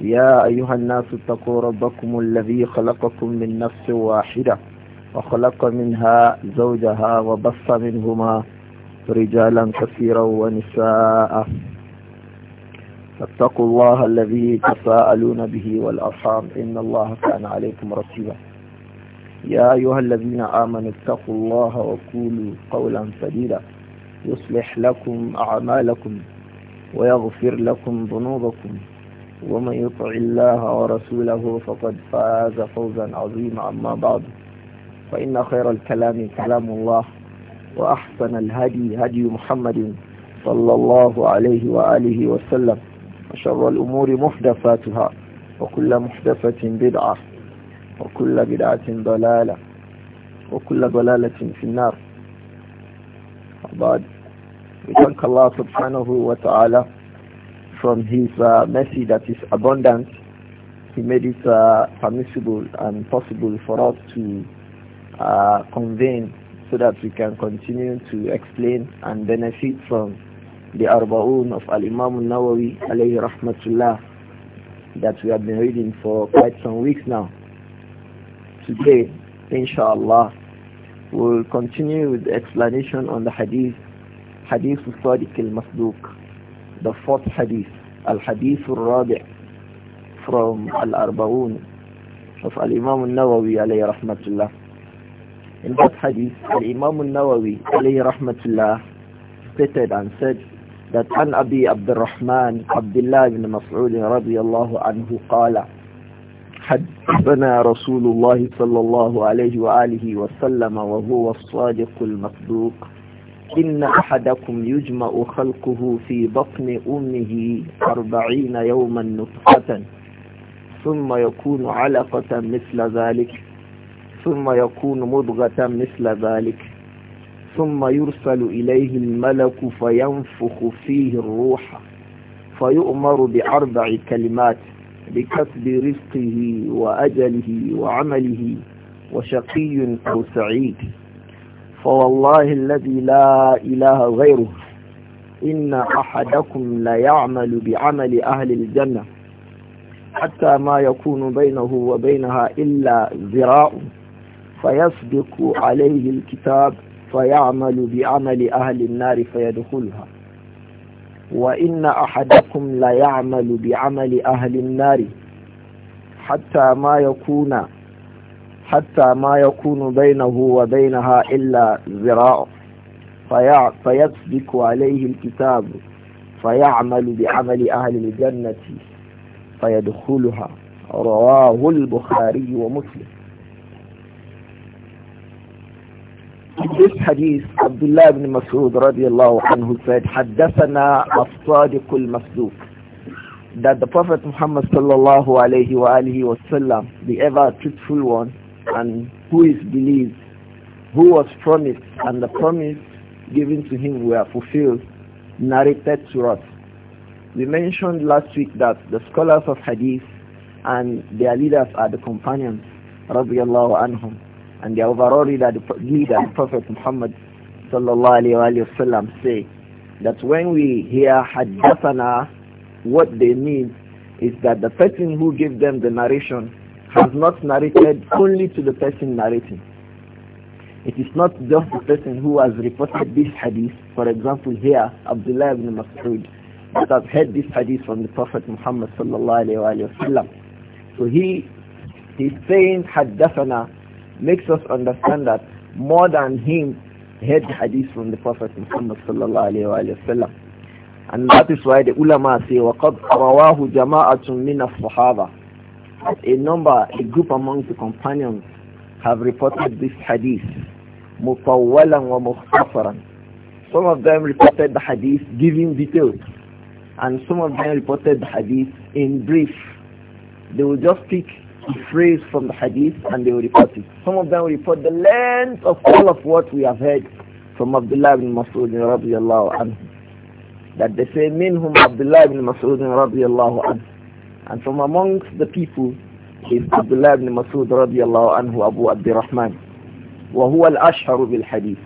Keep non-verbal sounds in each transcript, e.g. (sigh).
يا أيها الناس اتقوا ربكم الذي خلقكم من نفس واحدة وخلق منها زوجها وبص منهما رجالا كثيرا ونساء فاتقوا الله الذي تساءلون به والأرحام إن الله كان عليكم رقيبا يا أيها الذين آمنوا اتقوا الله وقولوا قولا سديدا يصلح لكم أعمالكم ويغفر لكم ذنوبكم ومن يطع الله ورسوله فقد فاز فوزا عظيما أما بعد فإن خير الكلام كلام الله وأحسن الهدي هدي محمد صلى الله عليه وآله وسلم وشر الأمور محدثاتها وكل محدثة بدعة وكل بدعة ضلالة وكل ضلالة في النار بعد We thank Allah subhanahu wa ta'ala from his uh, mercy that is abundant, he made it uh, permissible and possible for us to uh, convene so that we can continue to explain and benefit from the Arba'un of Al-Imam al-Nawawi alayhi rahmatullah that we have been reading for quite some weeks now. Today, inshallah, we'll continue with the explanation on the hadith, hadith of sadiq al-Masduq the fourth hadith, Al-Hadith al-Rabi' from Al-Arba'un of Al-Imam al-Nawawi alayhi rahmatullah. In that hadith, Al-Imam al-Nawawi alayhi rahmatullah stated and said that An Abi Abdurrahman Abdullah ibn Mas'ud radiyallahu anhu qala حدثنا رسول الله صلى الله عليه وآله وسلم وهو الصادق المصدوق إن أحدكم يجمع خلقه في بطن أمه أربعين يوما نطفة ثم يكون علقة مثل ذلك ثم يكون مضغة مثل ذلك ثم يرسل إليه الملك فينفخ فيه الروح فيؤمر بأربع كلمات بكسب رزقه وأجله وعمله وشقي أو سعيد فوالله الذي لا إله غيره إن أحدكم ليعمل بعمل أهل الجنة حتى ما يكون بينه وبينها إلا ذراع فيسبق عليه الكتاب فيعمل بعمل أهل النار فيدخلها وإن أحدكم ليعمل بعمل أهل النار حتى ما يكون حتى ما يكون بينه وبينها إلا ذراع فيصدق عليه الكتاب فيعمل بعمل أهل الجنة فيدخلها رواه البخاري ومسلم In this hadith, Abdullah ibn Mas'ud radiallahu anhu said, حدثنا الصادق المصدوق that the Prophet Muhammad sallallahu alayhi wa alihi وسلم the ever truthful one, and who is believed, who was promised and the promise given to him were fulfilled, narrated to us. We mentioned last week that the scholars of hadith and their leaders are the companions, radiallahu anhum, and their overall leader, the leader, the Prophet Muhammad sallallahu alayhi wa sallam say that when we hear hadithana, what they mean is that the person who gave them the narration has not narrated only to the person narrating. It is not just the person who has reported this hadith, for example here, Abdullah ibn Mas'ud, that has heard this hadith from the Prophet Muhammad sallallahu alayhi wa sallam. So he, his saying haddathana makes us understand that more than him heard the hadith from the Prophet Muhammad sallallahu alayhi wa sallam. And that is why the ulama say, وَقَدْ رَوَاهُ جَمَاعَةٌ مِنَ الصُّحَابَةِ a number, a group among the companions have reported this hadith, mutawwalan wa mukhtasaran. Some of them reported the hadith giving details, and some of them reported the hadith in brief. They will just pick a phrase from the hadith and they will report it. Some of them will report the length of all of what we have heard from Abdullah ibn Mas'ud radiallahu anhu. That they say, minhum Abdullah ibn Mas'ud radiallahu anhu. And from amongst the people is Abdullah ibn Masud radiallahu anhu Abu Abdurrahman. وَهُوَ الْأَشْهَرُ بِالْحَدِيثِ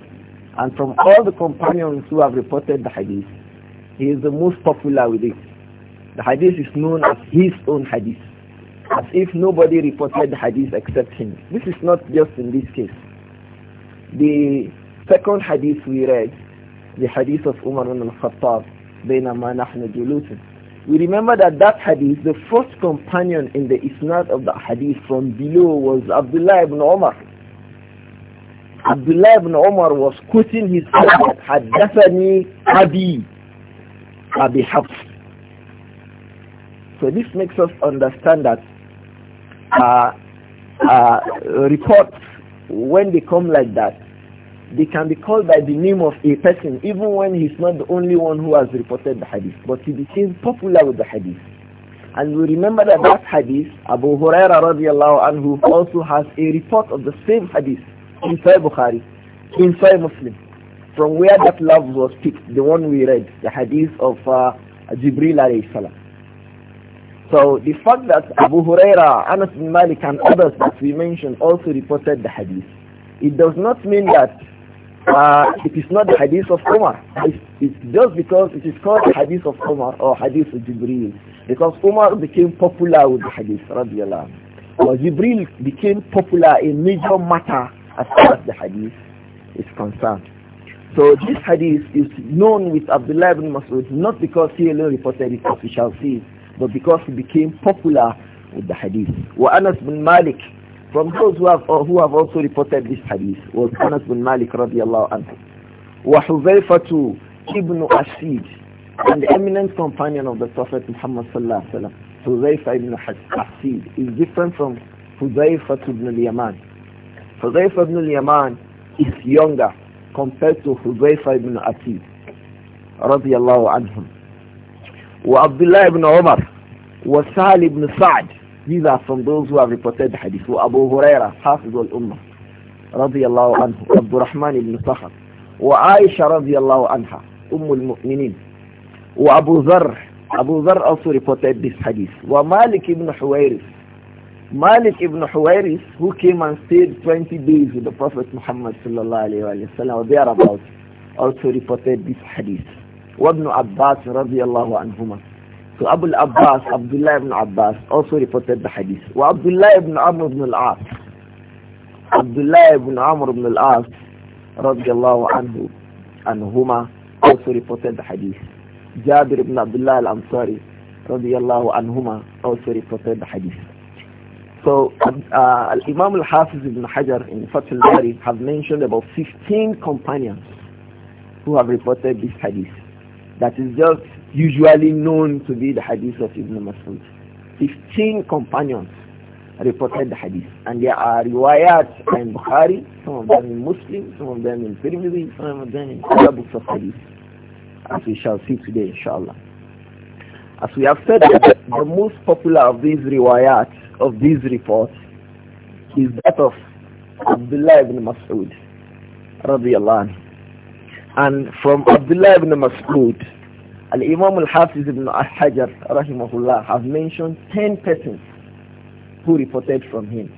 And from all the companions who have reported the hadith, he is the most popular with it. The hadith is known as his own hadith, as if nobody reported the hadith except him. This is not just in this case. The second hadith we read, the hadith of Umar ibn al-Khattab, بينما نحن جلوس we remember that that hadith, the first companion in the isnad of the hadith from below was Abdullah ibn Omar. Abdullah ibn Omar was quoting his hadith, Haddathani Abi, Abi Hafs. So this makes us understand that uh, uh, reports, when they come like that, they can be called by the name of a person even when he's not the only one who has reported the hadith. But he became popular with the hadith. And we remember that that hadith, Abu Huraira radiallahu anhu also has a report of the same hadith in Sahih Bukhari, in Sahih Muslim, from where that love was picked, the one we read, the hadith of uh, Jibril alayhi salam. So the fact that Abu Huraira, Anas bin Malik and others that we mentioned also reported the hadith, it does not mean that uh, it is not the hadith of Umar. It's, it's, just because it is called hadith of Umar or hadith of Jibril. Because Umar became popular with the hadith, radiallahu Or Jibril became popular in major matter as far as the hadith is concerned. So this hadith is known with Abdullah ibn Mas'ud not because he alone reported it as we shall see, but because he became popular with the hadith. Wa Anas bin Malik from those who have, uh, who have also reported this hadith was Anas bin Malik radiallahu anhu. Wa to ibn Asid, an eminent companion of the Prophet Muhammad sallallahu alaihi wasallam, Huzayfa ibn Asid, is different from Huzayfa ibn al-Yaman. Huzayfa ibn al-Yaman is younger compared to Huzayfa ibn Asid radiallahu anhum. Wa Abdullah ibn Umar, wa Sahal ibn Sa'd, These are from those who have reported the hadith. So Abu Huraira, Hafiz al-Ummah, radiyallahu anhu, Abdul Rahman ibn Sakhar, wa Aisha radiyallahu anha, Umm al-Mu'minin, wa Abu Dharr, Abu Dharr also reported this hadith, wa Malik ibn Huwairis, Malik ibn Huwairis, who came and stayed 20 days with the Prophet Muhammad sallallahu alayhi wa sallam, or thereabouts, also reported this hadith. وابن عباس رضي الله عنهما So Abu abbas Abdullah ibn Abbas, also reported the hadith. Wa Abdullah ibn Amr ibn al-As, Abdullah ibn Amr ibn al-As, radiallahu anhu, anhuma, also reported the hadith. Jabir ibn Abdullah al-Ansari, radiallahu anhuma, also reported the hadith. So uh, Imam al-Hafiz ibn Hajar in Fath al-Bari have mentioned about 15 companions who have reported this hadith. That is just usually known to be the hadith of Ibn Mas'ud. 15 companions reported the hadith. And there are riwayat in Bukhari, some of them in Muslim, some of them in Tirmidhi, some of them in other books of hadith, as we shall see today, inshallah. As we have said, the most popular of these riwayat, of these reports, is that of Abdullah ibn Mas'ud, radiallahu anhu. And from Abdullah ibn Mas'ud, Al-Imam al-Hafiz ibn al-Hajar rahimahullah have mentioned 10 persons who reported from him.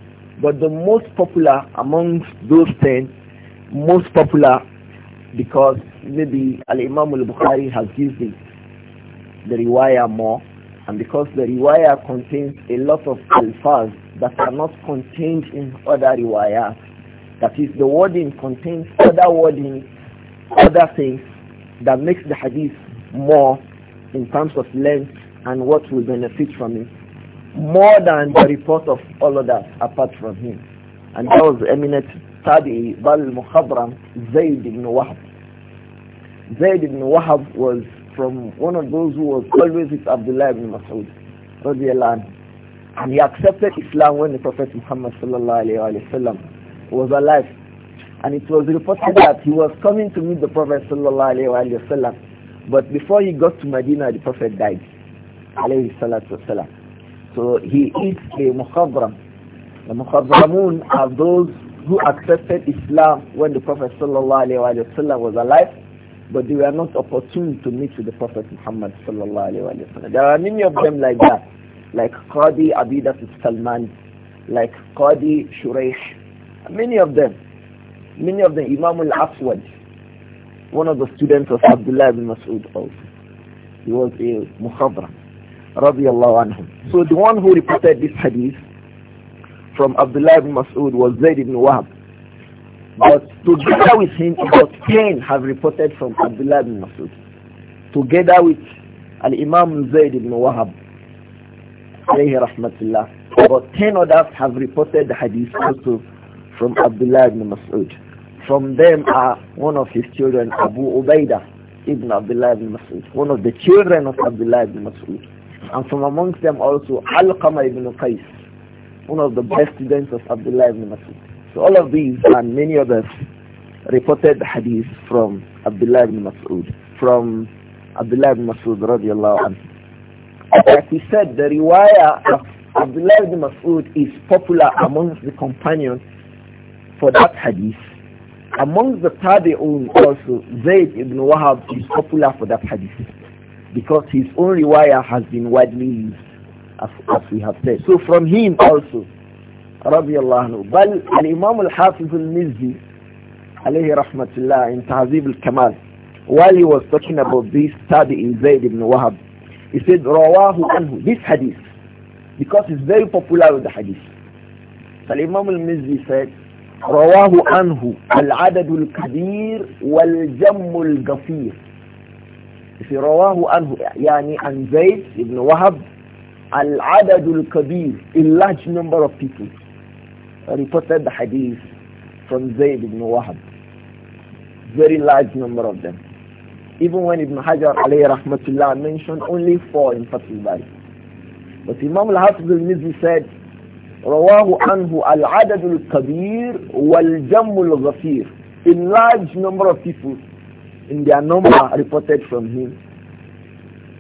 But the most popular amongst those 10, most popular because maybe Al-Imam al-Bukhari has used it, the riwayah more and because the riwayah contains a lot of alfaz that are not contained in other riwayah. That is, the wording contains other wording, other things that makes the hadith more in terms of length and what will benefit from it more than the report of all others apart from him. And that was eminent Tabi Bal Muhabram Zayd ibn Wahab. Zayd ibn Wahab was from one of those who was always with Abdullah ibn Mas'ud and he accepted Islam when the Prophet Muhammad وسلم, was alive and it was reported that he was coming to meet the Prophet وسلم, but before he got to Medina, the Prophet died. So he eats a mukhadram. The mukhadramun are those who accepted Islam when the Prophet وسلم, was alive, but they were not opportune to meet with the Prophet Muhammad There are many of them like that, like Qadi Abidat Salman, like Qadi Shuraish, many of them, many of them, Imam al-Aswad, one of the students of Abdullah ibn Mas'ud also. He was a mukhadram, radiallahu anhu. So the one who reported this hadith from Abdullah ibn Mas'ud was Zayd ibn Wahab. But together with him, about 10 have reported from Abdullah ibn Mas'ud. Together with Al-Imam Zayd ibn Wahab, alayhi rahmatullah. About 10 others have reported the hadith also from Abdullah ibn Mas'ud. From them are one of his children, Abu Ubaidah ibn Abdullah ibn Mas'ud, one of the children of Abdullah ibn Mas'ud. And from amongst them also Al-Qamar ibn Qais, one of the best students of Abdullah ibn Mas'ud. So all of these and many others reported hadith from Abdullah ibn Mas'ud, from Abdullah ibn Mas'ud radiallahu anhu. Like we said, the riwayah of Abdullah ibn Mas'ud is popular amongst the companions for that hadith among the Tabi'un also, Zayd ibn Wahab is popular for that hadith because his own wire has been widely used as, as we have said. So from him also, رضي الله عنه بل الإمام الحافظ المزي عليه رحمة الله in تعذيب الكمال while he was talking about this in Zayd ibn Wahab he said رواه عنه this hadith because it's very popular with the hadith so Imam al-Mizzi said رواه عنه العدد الكبير والجم القصير في رواه عنه يعني عن زيد بن وهب العدد الكبير a large number of people reported the hadith from زيد بن وهب very large number of them even when Ibn عليه رحمه الله mentioned only four in Fatul Bari but Imam al-Hafiz al-Mizzi said anhu al عنه العدد wal-jamul ghafir. a large number of people in their number reported from him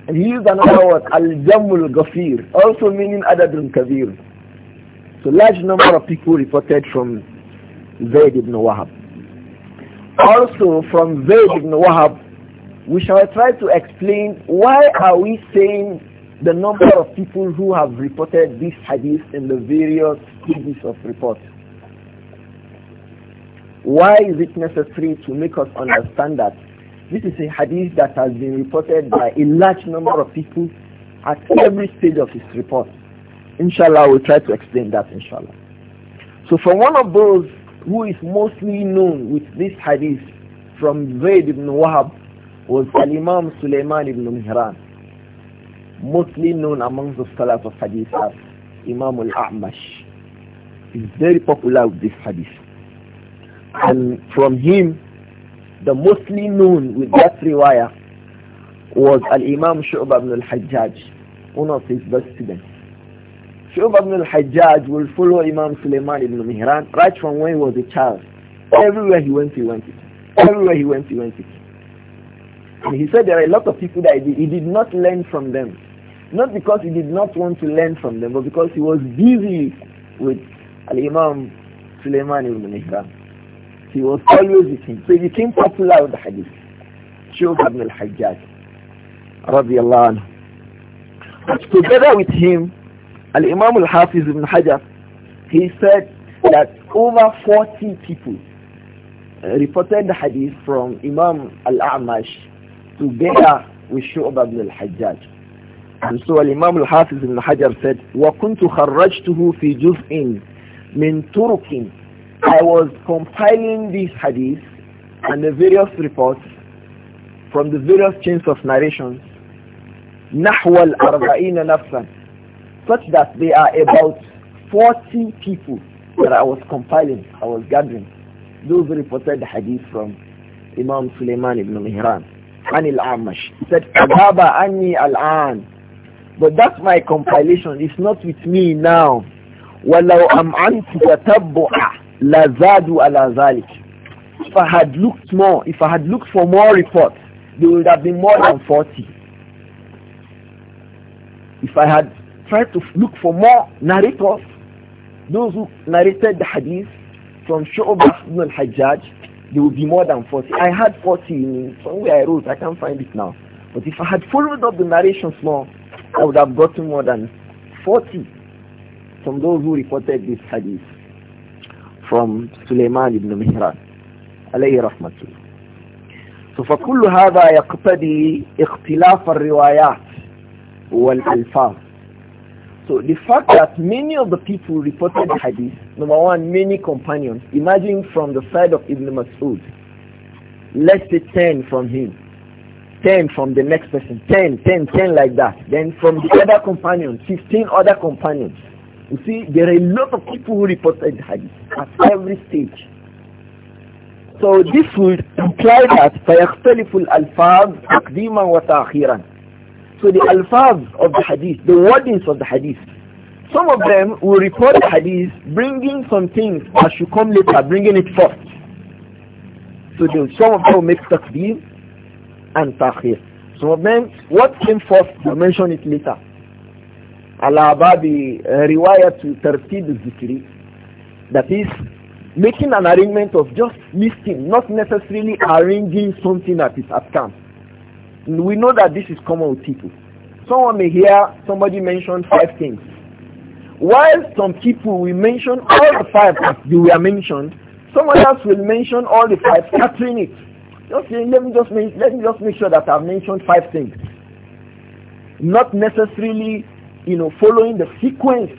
and he used another word al-jam al-ghafir also meaning al kabir so large number of people reported from Zayd ibn Wahab also from Zayd ibn Wahab we shall try to explain why are we saying the number of people who have reported this hadith in the various stages of report. Why is it necessary to make us understand that this is a hadith that has been reported by a large number of people at every stage of its report? Inshallah, we'll try to explain that inshallah. So for one of those who is mostly known with this hadith from Zayd ibn Wahab was Al-Imam Sulaiman ibn Mihran mostly known among the scholars of hadith as Imam al-A'mash. He's very popular with this hadith. And from him, the mostly known with that riwayah was Al-Imam Shu'bah ibn al-Hajjaj, one of his best students. Shu'bah ibn al-Hajjaj will follow Imam Sulaiman ibn Mihran right from when he was a child. Everywhere he went, he went it. Everywhere he went, he went it. And he said there are a lot of people that he did, he did not learn from them. Not because he did not want to learn from them, but because he was busy with Al-Imam Sulaiman ibn Hisham. He was always with him. So he became popular with the hadith. Shaykh ibn al-Hajjaj. Radiallahu anhu. But together with him, Al-Imam al-Hafiz ibn Hajjaj, he said that over 40 people uh, reported the hadith from Imam al-A'mash together with Shu'ab ibn al-Hajjaj. And so Imam al-Hafiz al Hajar said, وَكُنْتُ خَرَّجْتُهُ فِي جُزْءٍ مِنْ تُرُكٍ I was compiling these hadiths and the various reports from the various chains of narrations نحو الأربعين نفسا such that they are about 40 people that I was compiling, I was gathering. Those reported the hadith from Imam Sulaiman ibn Mihran. عن الأعمش said أذهب al الآن but that's my compilation. It's not with me now. وَلَوْ أَمْعَنْتُ تَتَبُّعَ لَزَادُوا عَلَى ذَلِكَ If I had looked more, if I had looked for more reports, there would have been more than 40. If I had tried to look for more narrators, those who narrated the hadith from Shu'bah ibn al-Hajjaj, there would be more than 40. I had 40 in somewhere I wrote, I can't find it now. But if I had followed up the narrations more, I would have gotten more than 40 from those who reported this hadith from Sulaiman ibn Mihran alayhi rahmatullah so فكل هذا يقتضي اختلاف الروايات والألفاظ so the fact that many of the people reported hadith number one many companions imagine from the side of Ibn Mas'ud let's say 10 from him 10 from the next person, 10, 10, 10 like that. Then from the other companion, 15 other companions. You see, there are a lot of people who reported hadith at every stage. So this would imply that فَيَخْتَلِفُ الْأَلْفَاظ تَقْدِيمًا وَتَأْخِيرًا So the alfaz of the hadith, the wordings of the hadith, some of them will report the hadith bringing some things that should come later, bringing it first. So some of them will make takdeem, and takhir. so then what came first, we mention it later. على باب uh, to ترتيب الذكر that is making an arrangement of just listing not necessarily arranging something at its account we know that this is common with people someone may hear somebody mention five things while some people will mention all the five as you were mentioned someone else will mention all the five scattering it Okay, let me just make, let me just make sure that I've mentioned five things. Not necessarily, you know, following the sequence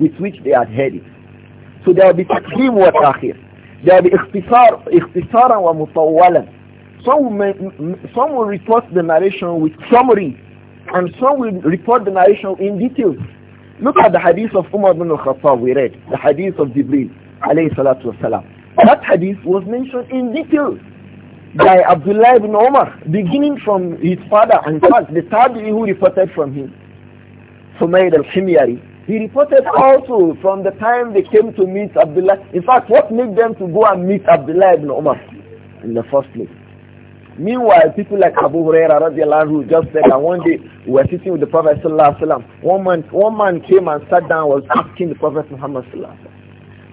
with which they are headed. So there will be taqdim wa ta'khir. There will be ikhtisar, ikhtisaran wa mutawwalan. Some will, some will report the narration with summary and some will report the narration in detail. Look at the hadith of Umar bin al-Khattab we read, the hadith of Jibril alayhi salatu wasalam. That hadith was mentioned in detail by Abdullah ibn Omar, beginning from his father and first, the third who reported from him, Sumayd al-Himyari. He reported also from the time they came to meet Abdullah. In fact, what made them to go and meet Abdullah ibn Omar in the first place? Meanwhile, people like Abu Hurairah, radiallahu anhu just said that one day we were sitting with the Prophet sallallahu alaihi wasallam. One man, one man came and sat down was asking the Prophet Muhammad sallallahu alaihi wasallam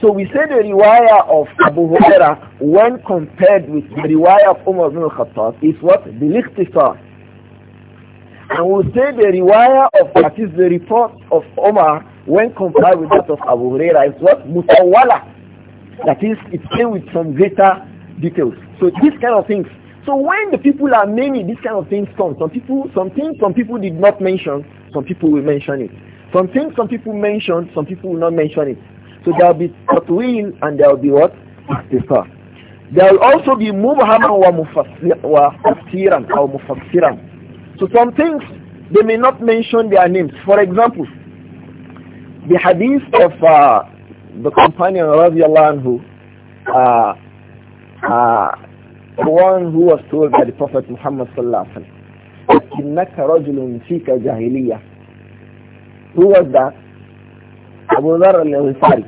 so we say the riwayah of Abu Huraira when compared with the riwayah of Umar ibn al-Khattab is what? The liqtisar. And we say the riwayah of, that is the report of Umar when compared with that of Abu Huraira is what? Mutawala. That is, it came with some greater details. So these kind of things. So when the people are many, these kind of things come. Some people, some things some people did not mention, some people will mention it. Some things some people mentioned, some people will not mention it. So there will be tatwil and there will be what? Istifar. There will also be mubhaman wa mufassiran or mufassiran. So some things, they may not mention their names. For example, the hadith of uh, the companion radiallahu anhu, uh, uh, the one who was told by the Prophet Muhammad sallallahu alaihi wasallam, إِنَّكَ رَجُلٌ فِيكَ جَاهِلِيَّةٌ Who was that? Abu Dhar al-Ghifari.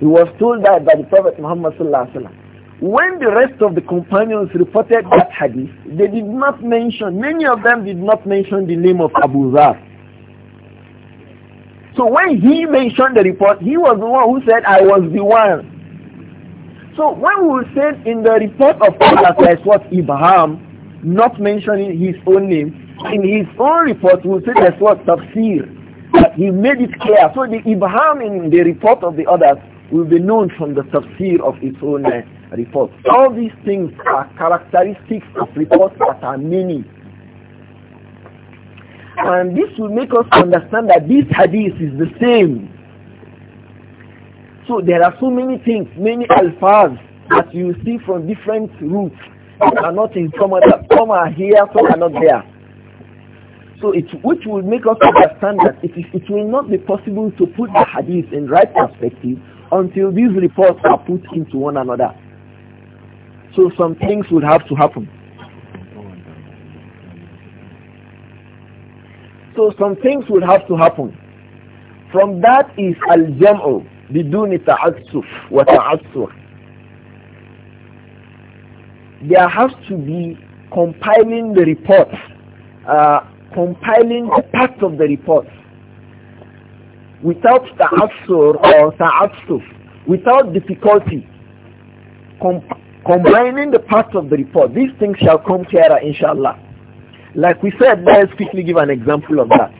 He was told that by the Prophet Muhammad sallallahu alaihi wasallam. When the rest of the companions reported that hadith, they did not mention, many of them did not mention the name of Abu Dhar. So when he mentioned the report, he was the one who said, I was the one. So when we said in the report of Allah says what Ibrahim, not mentioning his own name, in his own report we say that's what tafsir. But he made it clear. So the Ibham in the report of the others will be known from the tafsir of its own uh, report. All these things are characteristics of reports that are many. And this will make us understand that this hadith is the same. So there are so many things, many alphas that you see from different routes that are not in some other. Some are here, some are not there. So it, which will make us understand that it it will not be possible to put the hadith in right perspective until these reports are put into one another. So some things will have to happen. So some things will have to happen. From that is al-jam'u bidun ta'assuf wa ta'assur. There has to be compiling the reports uh, compiling the parts of the report without ta'assur or the ta'assuf, without difficulty, com combining the parts of the report. These things shall come clearer, inshallah. Like we said, let us quickly give an example of that.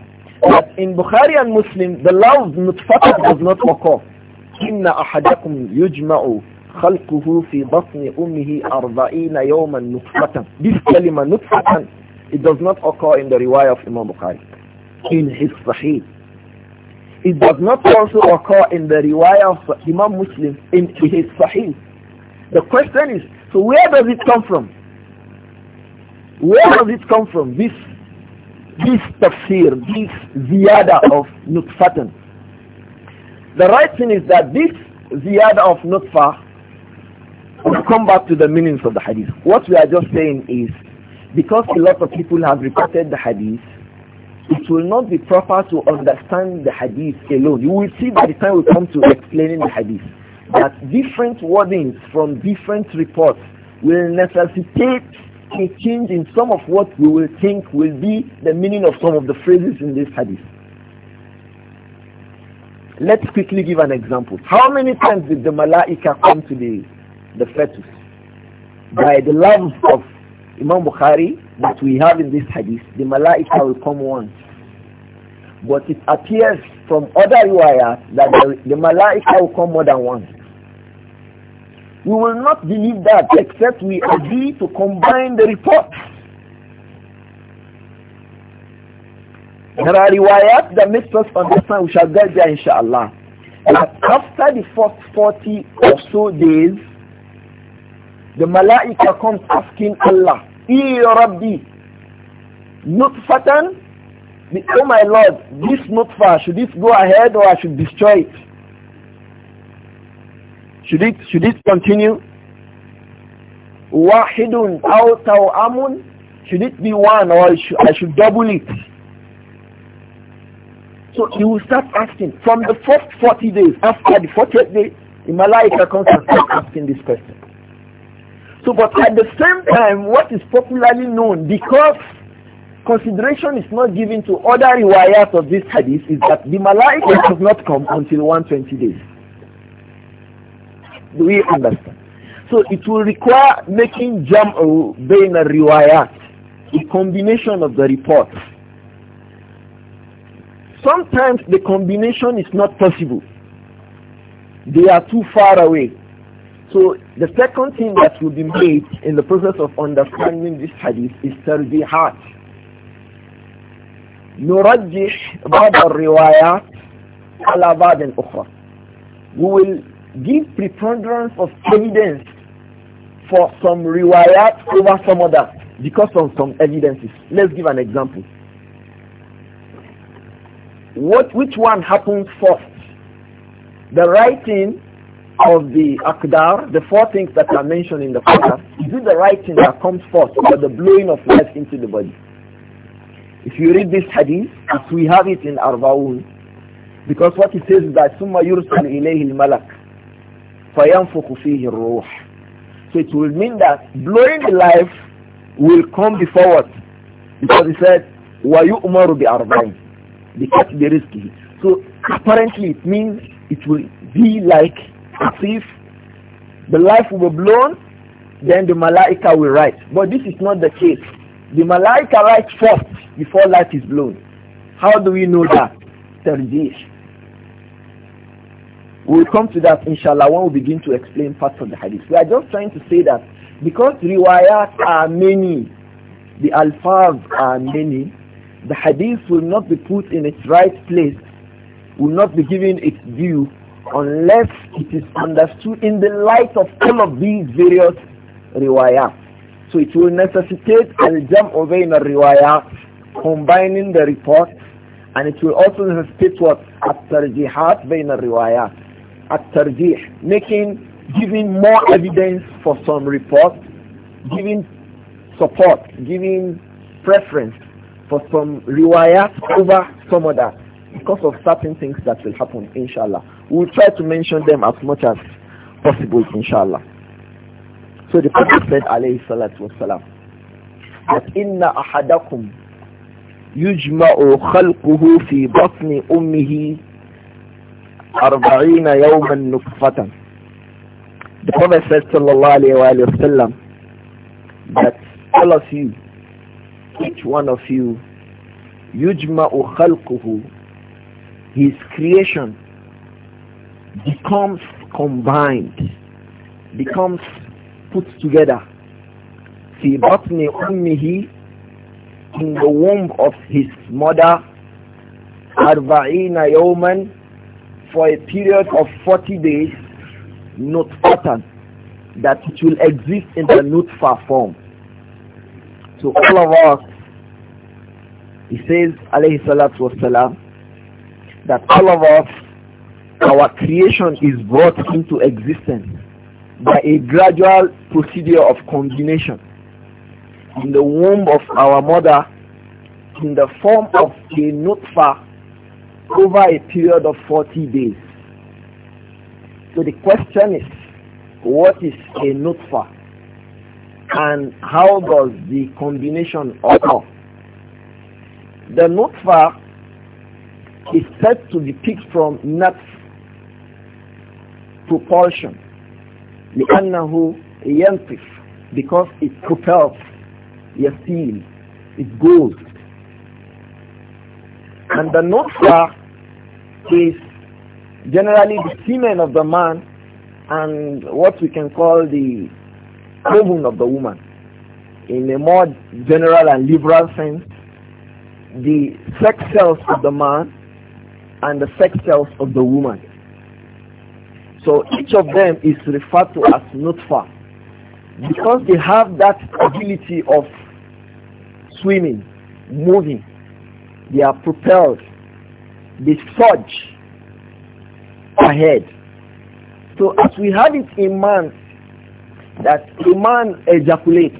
That in Bukhari and Muslim, the of nutfata does not occur. إِنَّ أَحَدَكُمْ يُجْمَعُ خَلْقُهُ فِي بَطْنِ أُمِّهِ أَرْبَعِينَ يَوْمًا نُطْفَةً This kalima nutfatan it does not occur in the riwayah of Imam Bukhari, in his Sahih. It does not also occur in the riwayah of Imam Muslim, in his Sahih. The question is, so where does it come from? Where does it come from? This, this tafsir, this ziyada of nutfatan. The right thing is that this ziyada of nutfa, We come back to the meanings of the hadith. What we are just saying is because a lot of people have reported the hadith, it will not be proper to understand the hadith alone. You will see by the time we come to explaining the hadith that different wordings from different reports will necessitate a change in some of what we will think will be the meaning of some of the phrases in this hadith. Let's quickly give an example. How many times did the malaika come to the, the fetus? By the love of Imam Bukhari that we have in this hadith, the Malaika will come once. But it appears from other riwayat that the, the Malaika will come more than once. We will not believe that except we agree to combine the reports. There are riwayat that makes us understand we shall get there inshallah. That after the first 40 or so days, the malaika comes asking Allah إِي not نُطْفَةً Oh my Lord, this nutfa, should it go ahead or I should destroy it? Should it, should it continue? Wahidun aw taw'amun? Should it be one or I should, I should double it? So you will start asking. From the first 40 days, after the 40th day, the Malaika comes and starts asking this question. So, but at the same time, what is popularly known, because consideration is not given to other riwayat of this hadith, is that the malaika does not come until 120 days. Do we understand? So it will require making jam'u bain riwayat, a combination of the reports. Sometimes the combination is not possible. They are too far away. So the second thing that will be made in the process of understanding this hadith is tarjihat. نرجح بعض الروايات على بعض الأخرى. We will give preponderance of evidence for some riwayat over some other because of some evidences. Let's give an example. What, which one happens first? The writing of the akdar, the four things that are mentioned in the forecast, is it the right thing that comes first or the blowing of life into the body? If you read this hadith, as we have it in Arbaun, because what it says is that ثُمَّ ilayhi al-malak, فَيَنْفُخُ فِيهِ الرُّوحِ So it will mean that blowing the life will come before what? Because he said, wa the بِأَرْبَعِينَ the رِزْكِهِ So apparently it means it will be like Active, if the life will be blown, then the malaika will write. But this is not the case. The malaika writes first before life is blown. How do we know that? this. We'll come to that inshallah when we begin to explain parts of the hadith. We are just trying to say that because riwayat are many, the alfaz are many, the hadith will not be put in its right place, will not be given its due unless it is understood in the light of all of these various riwayah. So it will necessitate al-jam' bayn a riwayah combining the reports, and it will also necessitate what? At-tarjihat bayn al-riwayah. At-tarjih, making, giving more evidence for some reports, giving support, giving preference for some riwayat over some others because of certain things that will happen, inshallah. We'll try to mention them as much as possible, inshallah. So the Prophet said, alayhi salatu wasalam, that inna ahadakum yujma'u khalquhu fi batni ummihi arba'ina yawman nukfatan. The Prophet said, sallallahu alayhi wa sallam, that all of you, each one of you, yujma'u khalquhu his creation becomes combined, becomes put together. me بطن he in the womb of his mother أربعين يوما for a period of 40 days pattern that it will exist in the nutfa form. So all of us, he says alayhi salatu wasalam, that all of us, our creation is brought into existence by a gradual procedure of combination. In the womb of our mother, in the form of a nutfa over a period of 40 days. So the question is, what is a nutfa? And how does the combination occur? The nutfa is said to be picked from nafs, propulsion. لأنه ينطف because it propels, يسيل, it goes. And the nutfa is generally the semen of the man and what we can call the ovum of the woman. In a more general and liberal sense, the sex cells of the man and the sex cells of the woman. So each of them is referred to as nutfa because they have that ability of swimming, moving. They are propelled. They surge ahead. So as we have it in man, that a man ejaculates.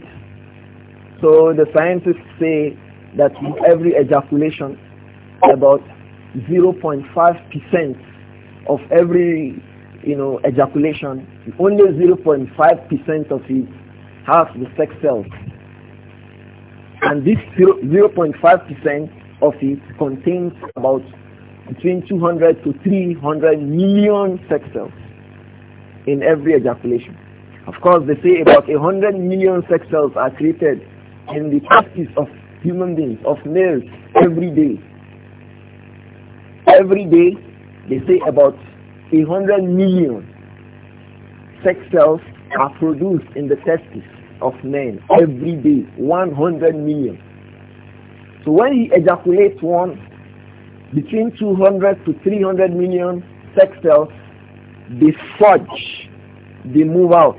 So the scientists say that with every ejaculation, about 0.5% of every you know, ejaculation, only 0.5% of it has the sex cells. And this 0.5% of it contains about between 200 to 300 million sex cells in every ejaculation. Of course, they say about 100 million sex cells are created in the testes of human beings, of males, every day. Every day, they say about 100 million sex cells are produced in the testes of men every day. 100 million. So when he ejaculates one, between 200 to 300 million sex cells, they fudge, they move out.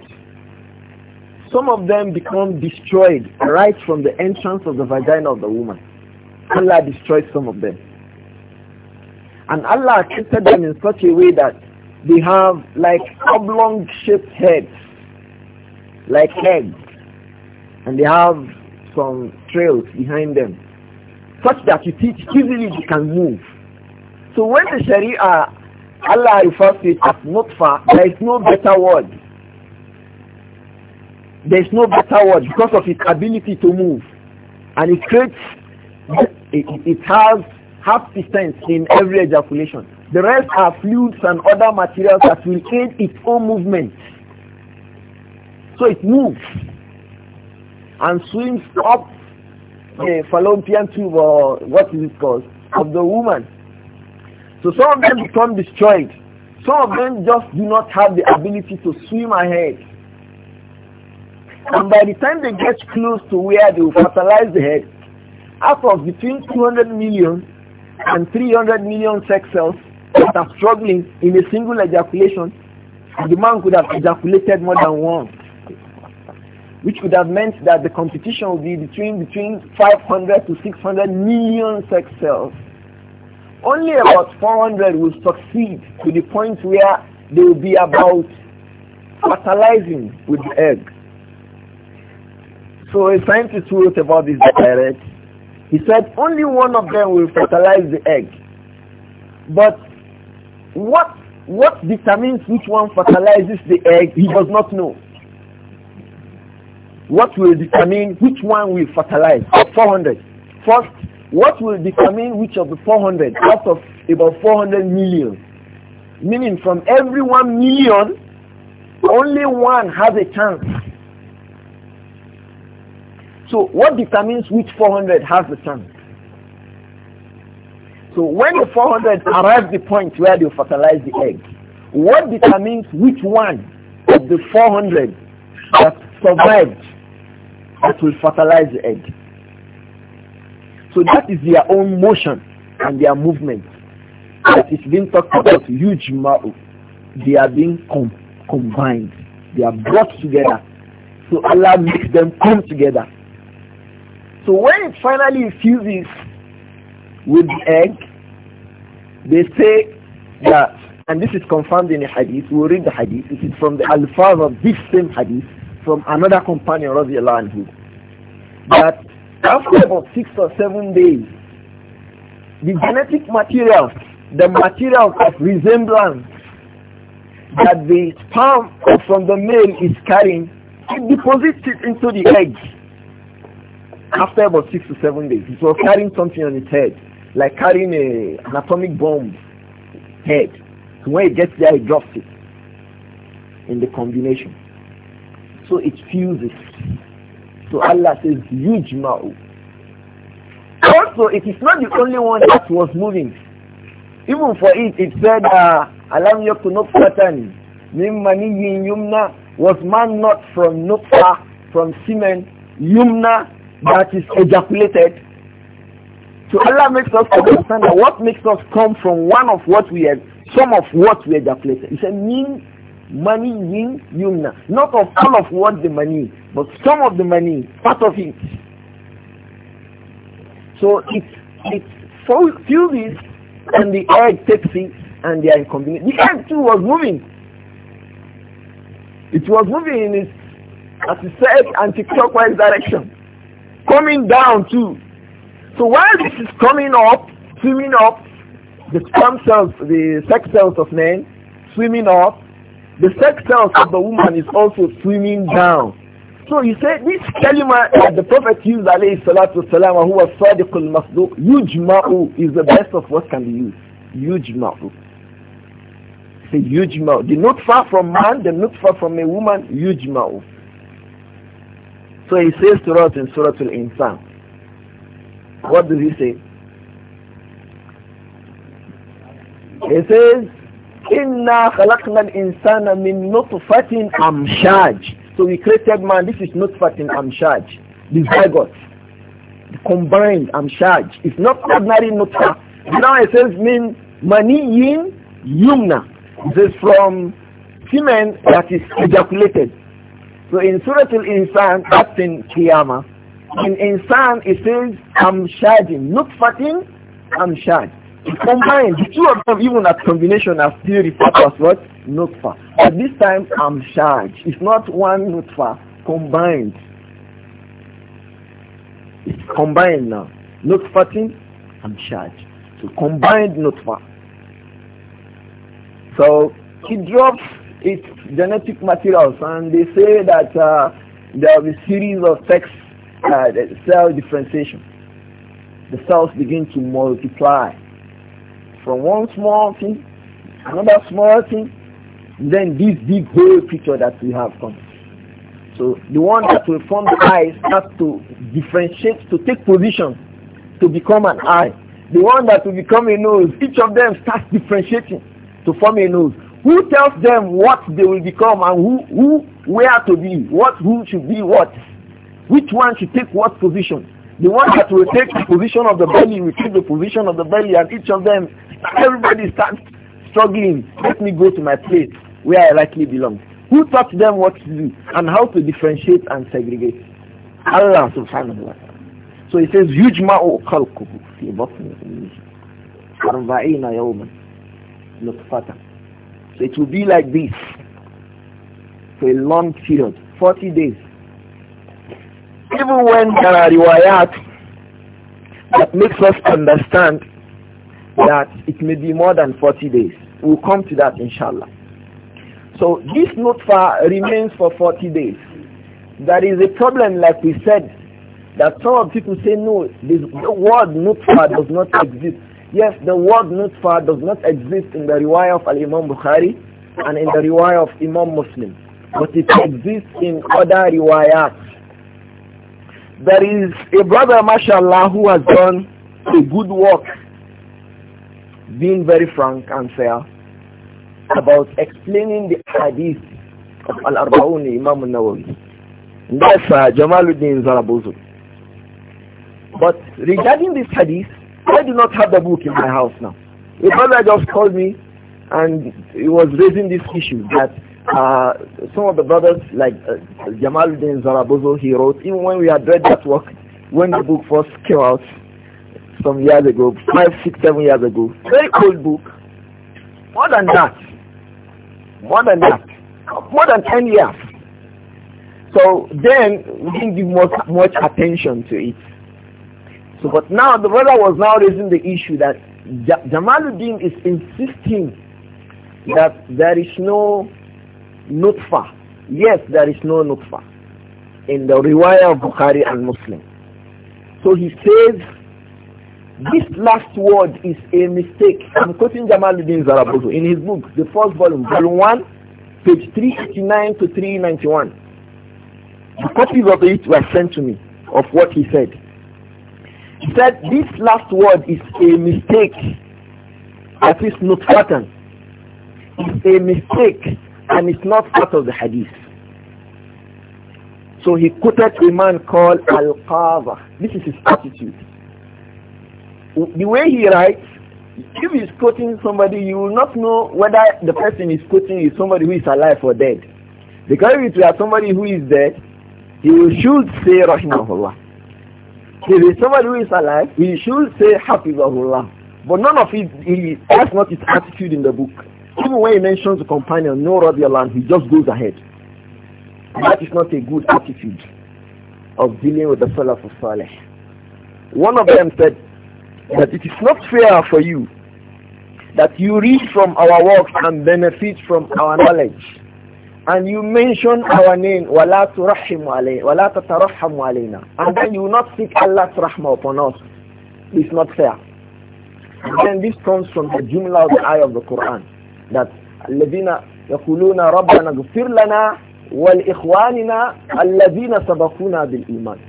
Some of them become destroyed right from the entrance of the vagina of the woman. Allah destroys some of them. And Allah treated them in such a way that they have like oblong shaped heads, like heads. And they have some trails behind them, such that you teach easily they can move. So when the Sharia, Allah refers to it as nutfa, there is no better word. There is no better word because of its ability to move. And it creates, it, it has have sense in every ejaculation. The rest are fluids and other materials that will aid its own movement. So it moves and swims up the fallopian tube or what is it called of the woman. So some of them become destroyed. Some of them just do not have the ability to swim ahead. And by the time they get close to where they will fertilize the head, out of between 200 million and 300 million sex cells that are struggling in a single ejaculation, the man could have ejaculated more than one, which would have meant that the competition would be between between 500 to 600 million sex cells. Only about 400 will succeed to the point where they will be about fertilizing with the egg. So a scientist wrote about this direct he said only one of them will fertilize the egg. But what what determines which one fertilizes the egg, he does not know. What will determine which one will fertilize? 400. First, what will determine which of the 400 out of about 400 million? Meaning from every 1 million, only one has a chance so what determines which 400 has the sun? So when the 400 arrive the point where they fertilize the egg, what determines which one of the 400 that survived that will fertilize the egg? So that is their own motion and their movement. That is being talked about huge ma'u. They are being com combined. They are brought together. So Allah makes them come together. So when it finally fuses with the egg, they say that, and this is confirmed in the hadith, we read the hadith, it is from the alfaz of this same hadith, from another companion, radiallahu anhu, that after about six or seven days, the genetic material, the material of resemblance that the sperm from the male is carrying, it deposits it into the egg. After about six to seven days, it was carrying something on its head, like carrying a, an atomic bomb head. So when it gets there, it drops it in the combination. So it fuses. So Allah says, mouth. Also, it is not the only one that was moving. Even for it, it said, uh, Alam yakunu fatan min maniyin yumna. Was man not from nutfa, from semen, yumna, that is ejaculated. So Allah makes us understand that what makes us come from one of what we have, some of what we ejaculated. He said, mean money yin yumna. Not of all of what the money, but some of the money, part of it. So it it fills it and the egg takes it and they are inconvenient. The egg too was moving. It was moving in its, as he said, anti-clockwise direction. Coming down too. So while this is coming up, swimming up, the sperm cells, the sex cells of men, swimming up, the sex cells of the woman is also swimming down. So he said this kalima that the Prophet used alayhi salatu wasalam who was sadiqul masduq, yujma'u is the best of what can be used. Yujma'u. It's a yujma'u. The far from man, the far from a woman, yujma'u. So he says to us in Surah Al-Insan, what does he say? He says, Inna khalaqna al-insana min nutfatin amshaj. So we created man, this is nutfatin amshaj, the zygote, the combined amshaj. It's not ordinary nutfa. Now it says min maniyin yumna. This is from semen that is ejaculated. So in Surah Al-Insan, that's in Qiyamah. In Insan, it says, Amshadin, Nutfatin, Amshad. Combined, the two of them, even that combination, are still referred to as what? Nutfa. But this time, Amshad. It's not one Nutfa, combined. It's combined now. Nutfatin, Amshad. So combined Nutfa. So he drops its genetic materials and they say that uh, there will be series of sex uh, cell differentiation. The cells begin to multiply from one small thing, another small thing, then this big whole picture that we have come. So the one that will form the eye starts to differentiate, to take position, to become an eye. The one that will become a nose, each of them starts differentiating to form a nose. Who tells them what they will become and who, who, where to be, what, who should be what? Which one should take what position? The one that will take the position of the belly will take the position of the belly and each of them, everybody starts struggling. Let me go to my place where I rightly belong. Who taught them what to do and how to differentiate and segregate? Allah subhanahu wa ta'ala. So he says, يجمع khalqu في بطن أربعين يوما نطفة it will be like this for a long period, 40 days. Even when there are riwayat that makes us understand that it may be more than 40 days. We'll come to that inshallah. So this nutfa remains for 40 days. There is a problem like we said that some people say no, this word nutfa does not exist. Yes, the word nutfa does not exist in the riwayah of Al-Imam Bukhari and in the riwayah of Imam Muslim. But it exists in other riwayat. There is a brother, mashallah, who has done a good work, being very frank and fair, about explaining the hadith of al Arba'uni, Imam Al-Nawawi. That's uh, Jamaluddin Zarabuzu. But regarding this hadith, I do not have the book in my house now. A brother just called me and he was raising this issue that uh, some of the brothers like uh, Jamaluddin Zarabozo, he wrote, even when we had read that work, when the book first came out some years ago, five, six, seven years ago, very old book, more than that, more than that, more than 10 years. So then we didn't give much, much attention to it. So, but now the brother was now raising the issue that Jamaluddin is insisting that there is no nutfa. Yes, there is no nutfa in the riwayah of Bukhari and Muslim. So he says, this last word is a mistake. I'm quoting Jamaluddin Zarabuzo in his book, the first volume, volume 1, page 389 to 391. The copies of it were sent to me, of what he said. He said this last word is a mistake. That is not pattern. It's a mistake and it's not part of the hadith. So he quoted a man called Al-Qadha. This is his attitude. The way he writes, if he's quoting somebody, you will not know whether the person is quoting is somebody who is alive or dead. Because if it were somebody who is dead, he will should say Rahimahullah. If somebody who is alive, we should say happy Allah, But none of it, he, that's not his attitude in the book. Even when he mentions the companion, no Allah, he just goes ahead. That is not a good attitude of dealing with the Salaf of Saleh. One of them said that it is not fair for you that you read from our works and benefit from our knowledge and you mention our name وَلَا تُرَحِّمُ عَلَيْنَا وَلَا تَتَرَحَّمُ عَلَيْنَا and then you not seek Allah's rahmah upon us it's not fair and then this comes from the jumla of the eye of the Quran that الذين يقولون ربنا اغفر لنا ولإخواننا الذين bil iman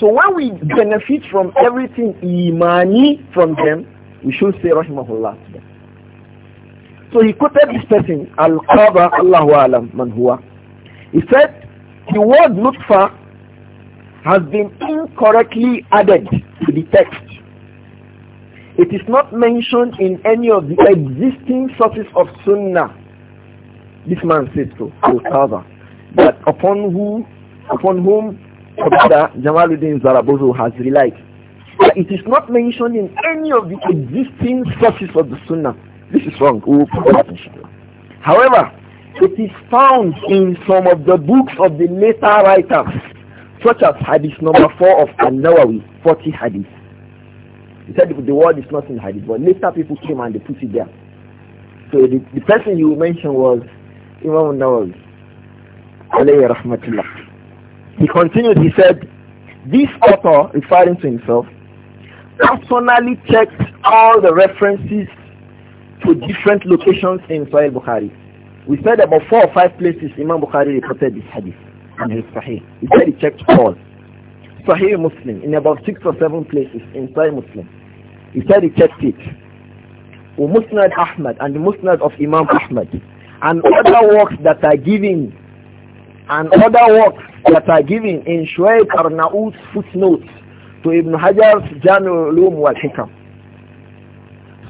so when we benefit from everything imani from them we should say rahimahullah so he quoted this person, Al-Qaba Allahu Alam Manhua. He said, the word nutfa has been incorrectly added to the text. It is not mentioned in any of the existing sources of Sunnah. This man said to Al-Qaba, that upon who, upon whom Qadda Jamaluddin Zarabozo has relied. But it is not mentioned in any of the existing sources of the Sunnah. This is wrong. We will put that However, it is found in some of the books of the later writers, such as Hadith number 4 of Al nawawi 40 Hadith. He said the word is not in Hadith, but later people came and they put it there. So the, the person you mentioned was Imam Nawawi, alayhi rahmatullah. He continued, he said, this author, referring to himself, personally checked all the references to different locations in Sahih Bukhari. We said about four or five places Imam Bukhari reported this hadith in his Sahih. He said he checked all. Sahih Muslim in about six or seven places in Sahih Muslim. He said he checked it. Musnad Ahmad and the Musnad of Imam Ahmad and other works that are given and other works that are given in Shuaib Arnaut's footnotes to Ibn Hajar's Janul Ulum wal Hikam.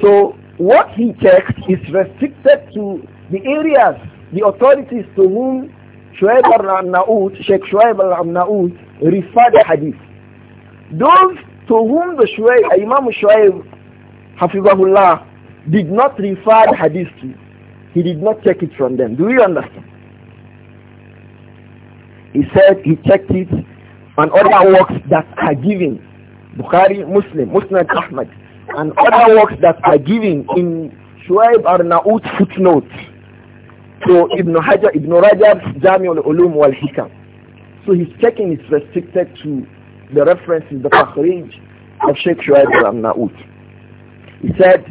So what he checked is restricted to the areas, the authorities to whom Shuaib al-Amna'ud, Sheikh Shuaib al-Amna'ud referred the hadith. Those to whom the Shuaib, Imam Shuaib, Hafizahullah, did not refer the hadith to, he did not check it from them. Do you understand? He said he checked it on other works that are given. Bukhari, Muslim, Muslim Ahmad and other works that are given in Shuaib Arnaut footnote to Ibn Hajar, Ibn Rajab's Jami al-Ulum wal-Hikam. So his checking is restricted to the references, the pastorage of Sheikh Shuaib Arnaut. He said,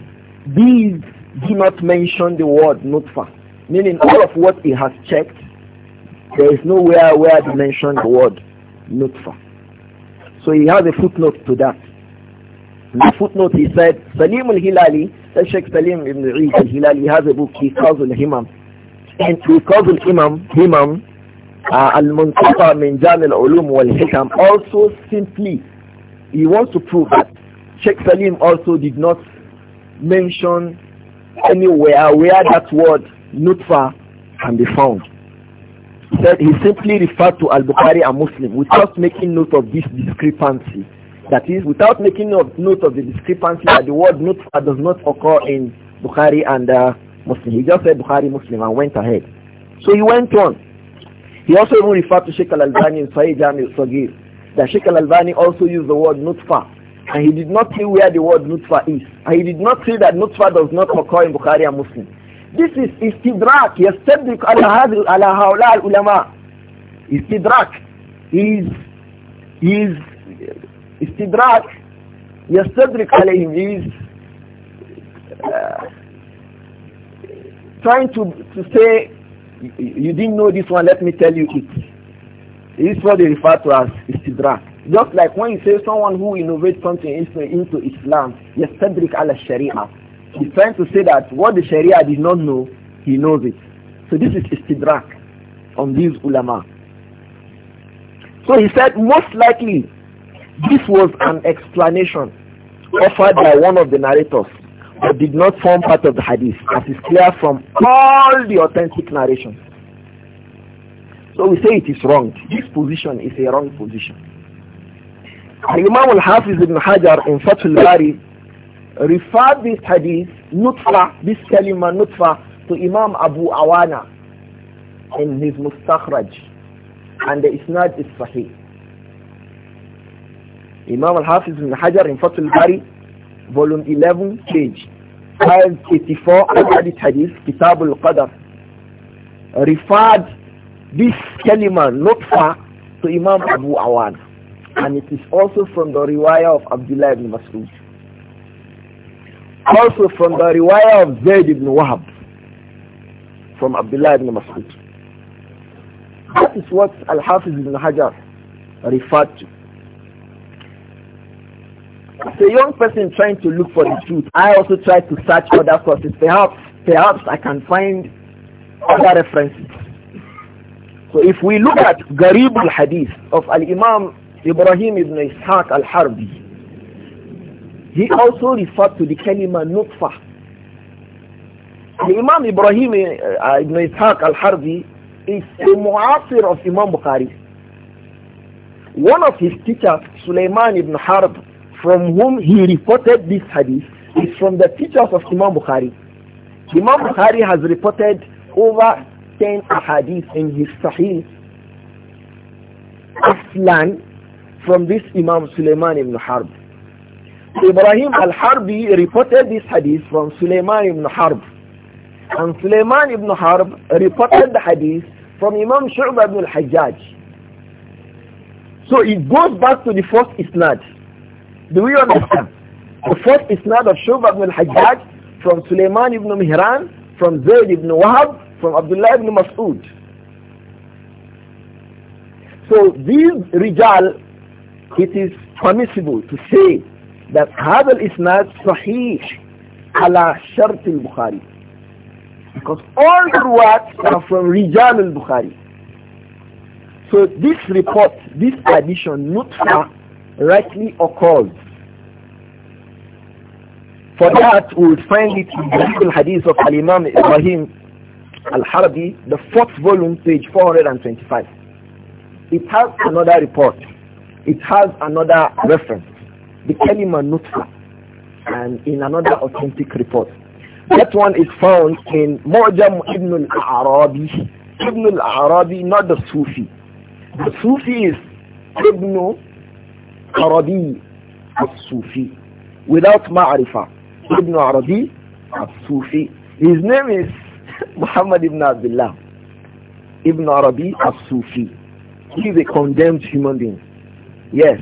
these do not mention the word nutfa, meaning all of what he has checked, there is nowhere where they mention the word nutfa. So he has a footnote to that. In the footnote he said, Salim al-Hilali, Sheikh Salim ibn Eid al-Hilali has a book, he calls al-Himam. And he calls al-Imam, Himam, uh, al-Muntaqa min Jam al-Ulum wal-Hikam, also simply, he wants to prove that Sheikh Salim also did not mention anywhere where that word nutfa can be found. He said he simply referred to Al-Bukhari and Muslim without making note of this discrepancy. That is, without making note of the discrepancy that the word nutfa does not occur in Bukhari and uh, Muslim. He just said Bukhari Muslim and went ahead. So he went on. He also even referred to Sheikh al-Albani in Sahih Jamil Sagir. That Sheikh al-Albani also used the word nutfa. And he did not see where the word nutfa is. And he did not see that nutfa does not occur in Bukhari and Muslim. This is istidrak. He على هذا ala هؤلاء ulama. Istidrak is is Istidrak, Yastadrik alayhim is uh, trying to, to say, you didn't know this one, let me tell you it. This is what they refer to as Istidrak. Just like when you say someone who innovates something into, into Islam, Yastadrik ala Sharia. He's trying to say that what the Sharia did not know, he knows it. So this is Istidrak on these ulama. So he said most likely this was an explanation offered by one of the narrators but did not form part of the hadith as is clear from all the authentic narrations. So we say it is wrong. This position is a wrong position. And Imam al-Hafiz ibn Hajar in Fath al-Bari referred this hadith, nutfa, this kalima nutfa, to Imam Abu Awana in his Mustakhraj. And the isnad is sahih. Imam Al-Hafiz bin Hajar in Fatul Bari, volume 11, page 584 of hadith, Kitab al-Qadr, referred this kalima, far to Imam Abu Awan. And it is also from the riwayah of Abdullah ibn Mas'ud. Also from the riwayah of Zayd ibn Wahab, from Abdullah ibn Mas'ud. That is what Al-Hafiz ibn Hajar referred to. It's a young person trying to look for the truth, I also try to search other sources. Perhaps, perhaps I can find other references. So if we look at Garib al-Hadith of Al-Imam Ibrahim ibn Ishaq al-Harbi, he also referred to the kalima nutfah. Imam Ibrahim uh, ibn Ishaq al-Harbi is a mu'asir of Imam Bukhari. One of his teachers, Sulaiman ibn Harb, from whom he reported this hadith is from the teachers of Imam Bukhari. Imam Bukhari has reported over 10 hadiths in his Sahih. Aslan from this Imam Sulaiman ibn Harb. Ibrahim al-Harbi reported this hadith from Sulaiman ibn Harb. And Sulaiman ibn Harb reported the hadith from Imam Shu'bah ibn al-Hajjaj. So it goes back to the first isnad. Do we understand? The first is not of Shubha ibn al-Hajjaj, from Sulaiman ibn Mihran, from Zayd ibn Wahab, from Abdullah ibn Mas'ud. So these rijal, it is permissible to say that هذا Sahih صحيح على شرط البخاري because all the ruwats are from Rijal al-Bukhari. So this report, this addition, nutfa, rightly occurs. For that, we will find it in the legal hadith of Al-Imam Ibrahim Al-Harbi, the fourth volume, page 425. It has another report. It has another reference, the Kalima Nutfa, and in another authentic report. That one is found in Mu'jam Ibn al-Arabi. Ibn al-Arabi, not the Sufi. The Sufi is Ibn Arabi al-Sufi without Ma'arifa, Ibn Arabi al-Sufi. His name is (laughs) Muhammad ibn Abdullah. Ibn Arabi al-Sufi. He is a condemned human being. Yes,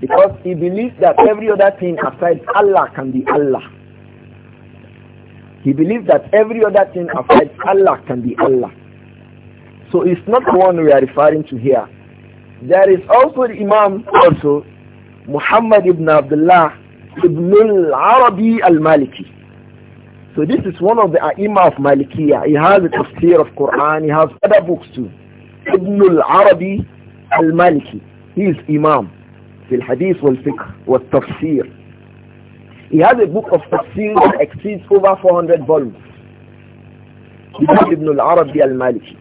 because he believes that every other thing aside Allah can be Allah. He believes that every other thing aside Allah can be Allah. So it's not the one we are referring to here. There is also the Imam also Muhammad ibn Abdullah ibn al-Arabi al-Maliki. So this is one of the A'imah of Malikiya. He has a tafsir of Quran. He has other books too. Ibn al-Arabi al-Maliki. He is Imam. في Fiqh والفقه Tafsir. He has a book of tafsir that exceeds over 400 volumes. Ibn al-Arabi al-Maliki.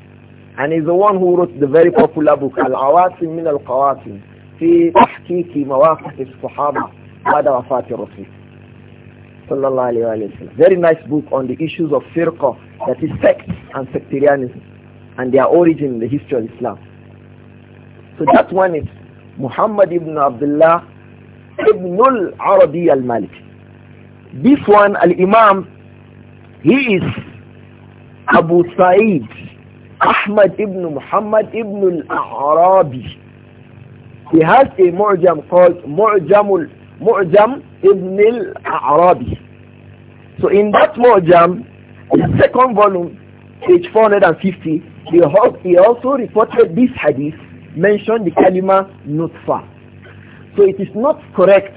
And he's the one who wrote the very popular book, Al-Awasim min al-Qawasim. في تحقيق مواقف الصحابة بعد وفاة الرسول صلى الله عليه وسلم very nice book on the issues of firqa that is sect and sectarianism and their origin in the history of Islam so that one is Muhammad ibn Abdullah ibn al-Arabi al malik this one al-Imam he is Abu Sa'id Ahmad ibn Muhammad ibn al-Arabi He has a mu'jam called Mu'jamul Mu'jam Ibn al-Arabi. So in that mu'jam, the second volume, page 450, he also reported this hadith, mentioned the kalima nutfa. So it is not correct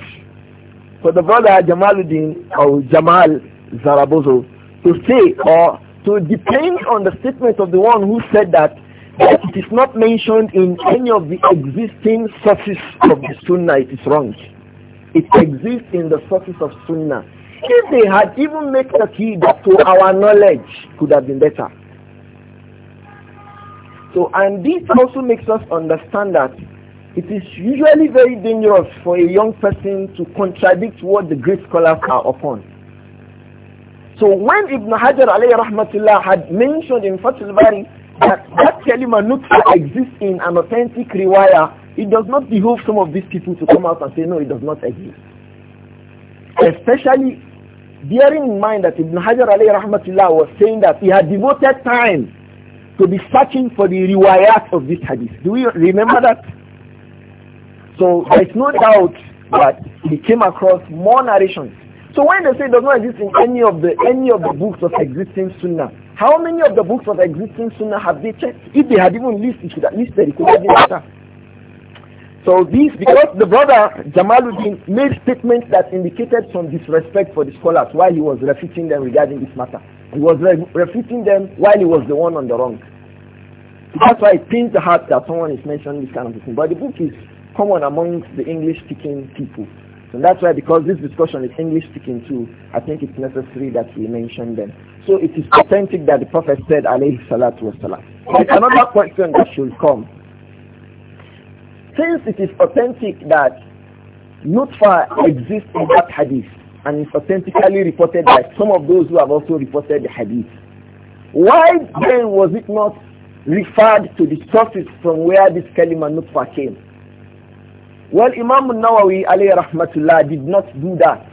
for the brother Jamaluddin or Jamal Zarabozo to say or to depend on the statement of the one who said that it is not mentioned in any of the existing sources of the Sunnah, it is wrong. It exists in the sources of Sunnah. If they had even made a key that to our knowledge could have been better. So, and this also makes us understand that it is usually very dangerous for a young person to contradict what the great scholars are upon. So when Ibn Hajar alayhi rahmatullah had mentioned in Fatul Bari that that kalima exists in an authentic riwayah, it does not behoove some of these people to come out and say, no, it does not exist. Especially bearing in mind that Ibn Hajar alayhi rahmatullah was saying that he had devoted time to be searching for the riwayat of this hadith. Do you remember that? So there's no doubt that he came across more narrations. So when they say it does not exist in any of the any of the books of existing sunnah, how many of the books of existing Sunnah have they checked? If they had even listed, it should at least they recorded matter. So this, because the brother Jamaluddin made statements that indicated some disrespect for the scholars while he was refuting them regarding this matter. He was re refuting them while he was the one on the wrong. That's why it pains the heart that someone is mentioning this kind of thing. But the book is common amongst the English-speaking people. And that's why because this discussion is English speaking too, I think it's necessary that we mention them. So it is authentic that the Prophet said alayhi salatu wasalam. It's another question that should come. Since it is authentic that nutfa exists in that hadith and it's authentically reported by some of those who have also reported the hadith, why then was it not referred to the sources from where this kalima nutfa came? Well, Imam Nawawi alayhi rahmatullah did not do that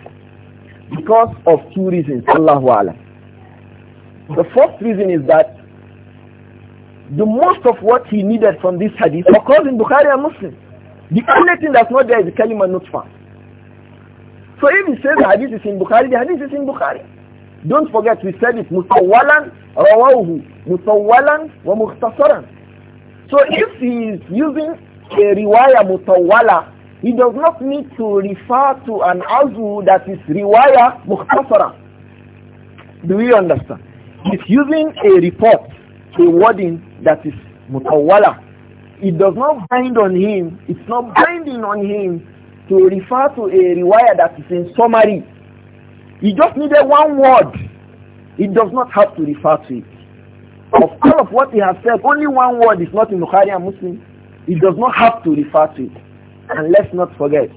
because of two reasons. Allahu a'la. The first reason is that the most of what he needed from this hadith occurs in Bukhari and Muslim. The only thing that's not there is the kalima nutfa. So if he says the hadith is in Bukhari, the hadith is in Bukhari. Don't forget we said it mutawwalan rawahu mutawwalan wa mukhtasaran. So if he is using a riwaya mutawwala, he does not need to refer to an azu that is riwaya mukhtasara. Do we understand? He's using a report, a wording that is mutawwala. It does not bind on him, it's not binding on him to refer to a riwaya that is in summary. He just needed one word. He does not have to refer to it. Of all of what he has said, only one word is not in Bukhari and Muslim. It does not have to refer to it. And let's not forget,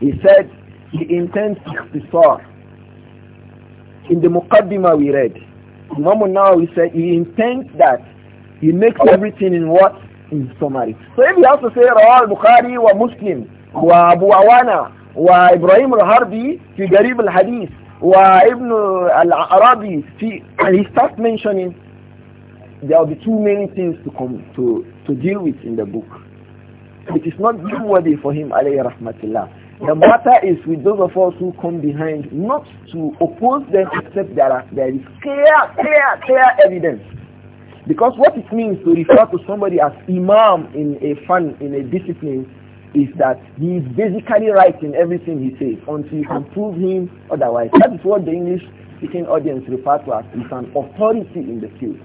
he said he intends ikhtisar. In the Muqaddimah we read, Imam now he said he intends that he makes everything in what? In summary. So if you also say Rawal Bukhari wa Muslim wa Abu Awana wa Ibrahim al-Harbi fi Garib al-Hadith wa Ibn al-Arabi fi, and he starts mentioning there will be too many things to come to, to deal with in the book. It is not worthy for him, alayhi rahmatullah. The matter is with those of us who come behind, not to oppose them except there, are, there is clear, clear, clear evidence. Because what it means to refer to somebody as imam in a fun, in a discipline, is that he is basically right in everything he says until you can prove him otherwise. That is what the English speaking audience refer to as is an authority in the field.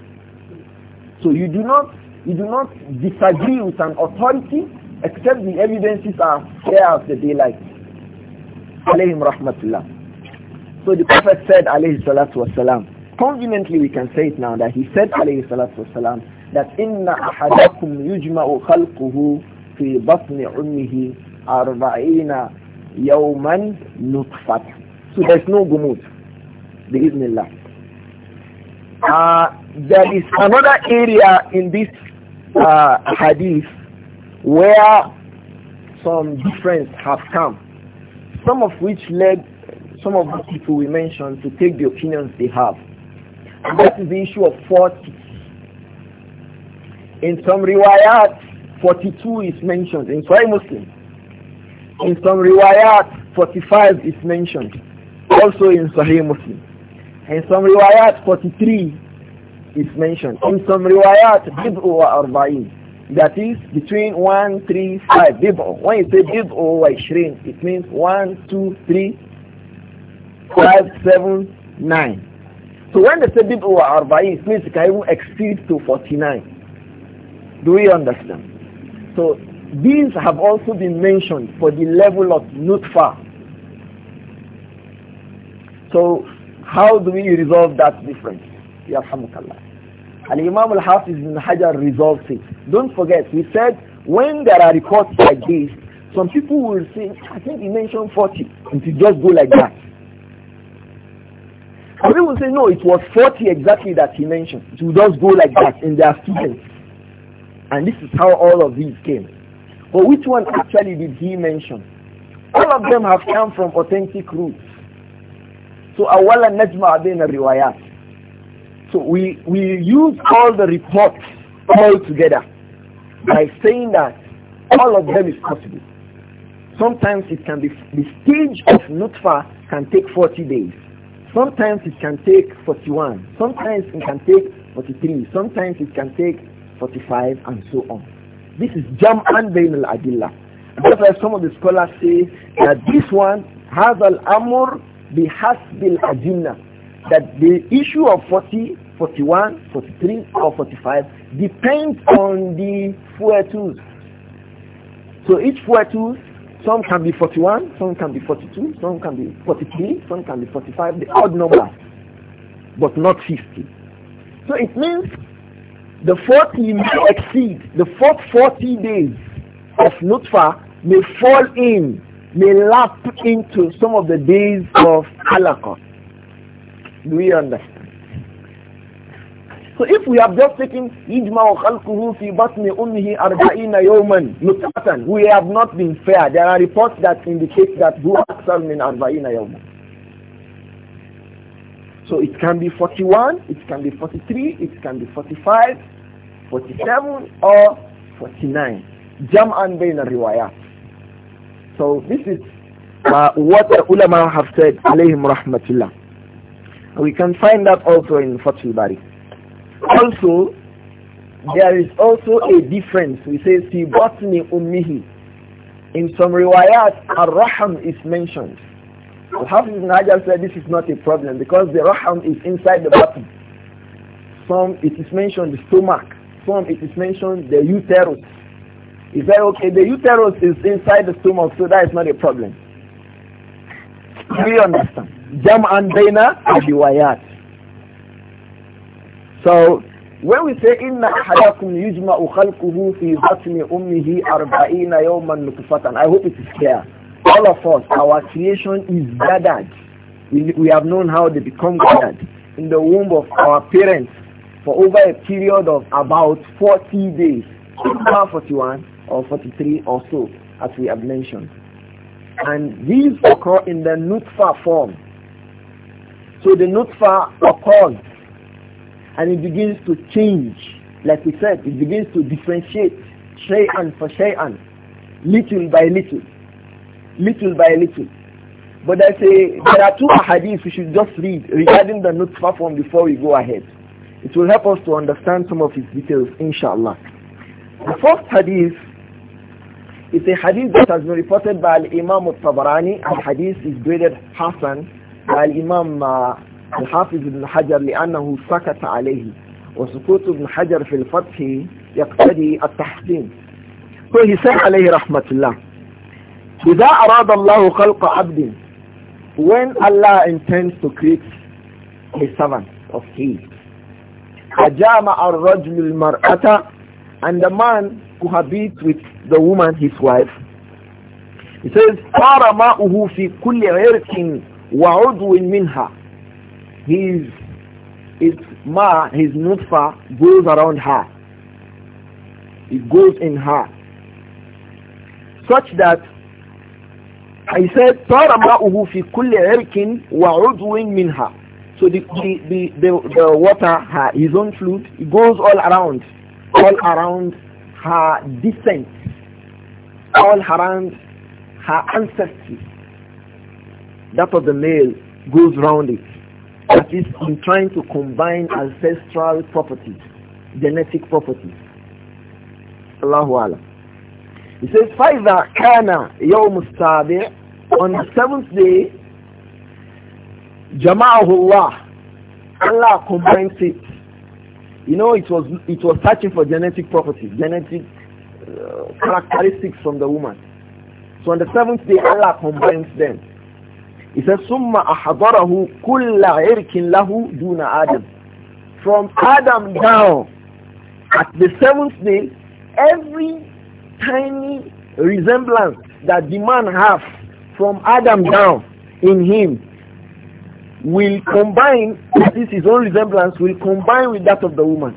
So you do not you do not disagree with an authority except the evidences are clear as the daylight. Alayhim rahmatullah. So the Prophet said, alayhi salatu wasalam, conveniently we can say it now that he said, alayhi salatu wasalam, that inna ahadakum yujma'u khalquhu fi batni ummihi arba'ina yawman nutfat. So there's no gumud. There is no Uh, there is another area in this uh, hadith where some difference have come, some of which led some of the people we mentioned to take the opinions they have. And that is the issue of 40. In some riwayat, 42 is mentioned in Sahih Muslim. In some riwayat, 45 is mentioned, also in Sahih Muslim. In some riwayat, 43 is mentioned. In some riwayat, Bid'u Arba'in. That is between one, three, five. Bid'u. When you say bid'u or ishreen, it means one, two, three, five, seven, nine. So when they say bid'u or arba'in, it means it can even exceed to 49. Do we understand? So these have also been mentioned for the level of nutfa. So how do we resolve that difference? Ya Yarhamukallah. And imam al-Hafiz ibn Hajar resolves it. Don't forget, we said when there are reports like this, some people will say, I think he mentioned 40, and it just go like that. And they will say, no, it was 40 exactly that he mentioned. It will just go like that in their students. And this is how all of these came. But which one actually did he mention? All of them have come from authentic roots. So awala نجمع بين الروايات so we, we use all the reports all together by saying that all of them is possible. Sometimes it can be, the stage of nutfa can take 40 days. Sometimes it can take 41. Sometimes it can take 43. Sometimes it can take 45 and so on. This is Jam'an and al-Adillah. Therefore, some of the scholars say that this one has al-amur bihasbil adillah. That the issue of 40 41, 43 or 45 depends on the four tools. So each four tools, some can be 41, some can be 42, some can be 43, some can be 45, the odd number, but not 50. So it means the 40 may exceed, the first 40 days of Nutfa may fall in, may lap into some of the days of Halakha. Do we understand? So if we have just taken Ijma khalquhu fi batni ummihi arba'ina yawman nutatan, we have not been fair. There are reports that indicate that huwa aksar min arba'ina yawman. So it can be 41, it can be 43, it can be 45, 47 or 49. Jam'an bayna riwayat. So this is uh, what the ulama have said, alayhim rahmatullah. We can find that also in Fatul Bari. Also, there is also a difference. We say fi batni ummihi. In some riwayat, ar-raham is mentioned. Al-Hafiz ibn said this is not a problem because the raham is inside the body. Some it is mentioned the stomach. Some it is mentioned the uterus. He said, okay, the uterus is inside the stomach, so that is not a problem. Do you understand? Jam'an bayna riwayat. So when we say inna ahadakum yujma'u khalquhu fi batni ummihi 40 yawman nutfatan I hope it is clear all of us our creation is gathered we, we have known how they become gathered in the womb of our parents for over a period of about 40 days about 41 or 43 or so as we have mentioned and these occur in the nutfa form so the nutfa occurs and it begins to change. Like we said, it begins to differentiate shay'an for shay'an, little by little, little by little. But I say there are two hadiths we should just read regarding the nutfa form before we go ahead. It will help us to understand some of its details, inshallah. The first hadith is a hadith that has been reported by imam al-Tabarani. Al-Hadith is graded Hassan by imam uh, الحافظ ابن حجر لأنه سكت عليه وسكوت ابن حجر في الفتح يقتدي التحسين فهسان عليه رحمة الله إذا أراد الله خلق عبد when Allah intends to create a servant of his أجامع الرجل المرأة and the man who habits with the woman his wife he says صار ماؤه في كل عرق وعضو منها his his ma, his nutfa goes around her. It goes in her. Such that I said, صار ماؤه في كل wa وعضو minha." So the, the, the, the, the water, her, his own fluid, it goes all around, all around her descent, all around her ancestry. That of the male goes round it. That is, in trying to combine ancestral properties, genetic properties. Allahu Alam. He says, فَإِذَا Kana, يَوْمُ السَّابِعِ On the seventh day, Jama'ahullah, Allah combines it. You know, it was, it was searching for genetic properties, genetic uh, characteristics from the woman. So on the seventh day, Allah combines them. He says, summa aḥdarahu كُلَّ عِرْكٍ لَهُ Adam. From Adam down, at the seventh day, every tiny resemblance that the man has from Adam down in him will combine, this his own resemblance, will combine with that of the woman.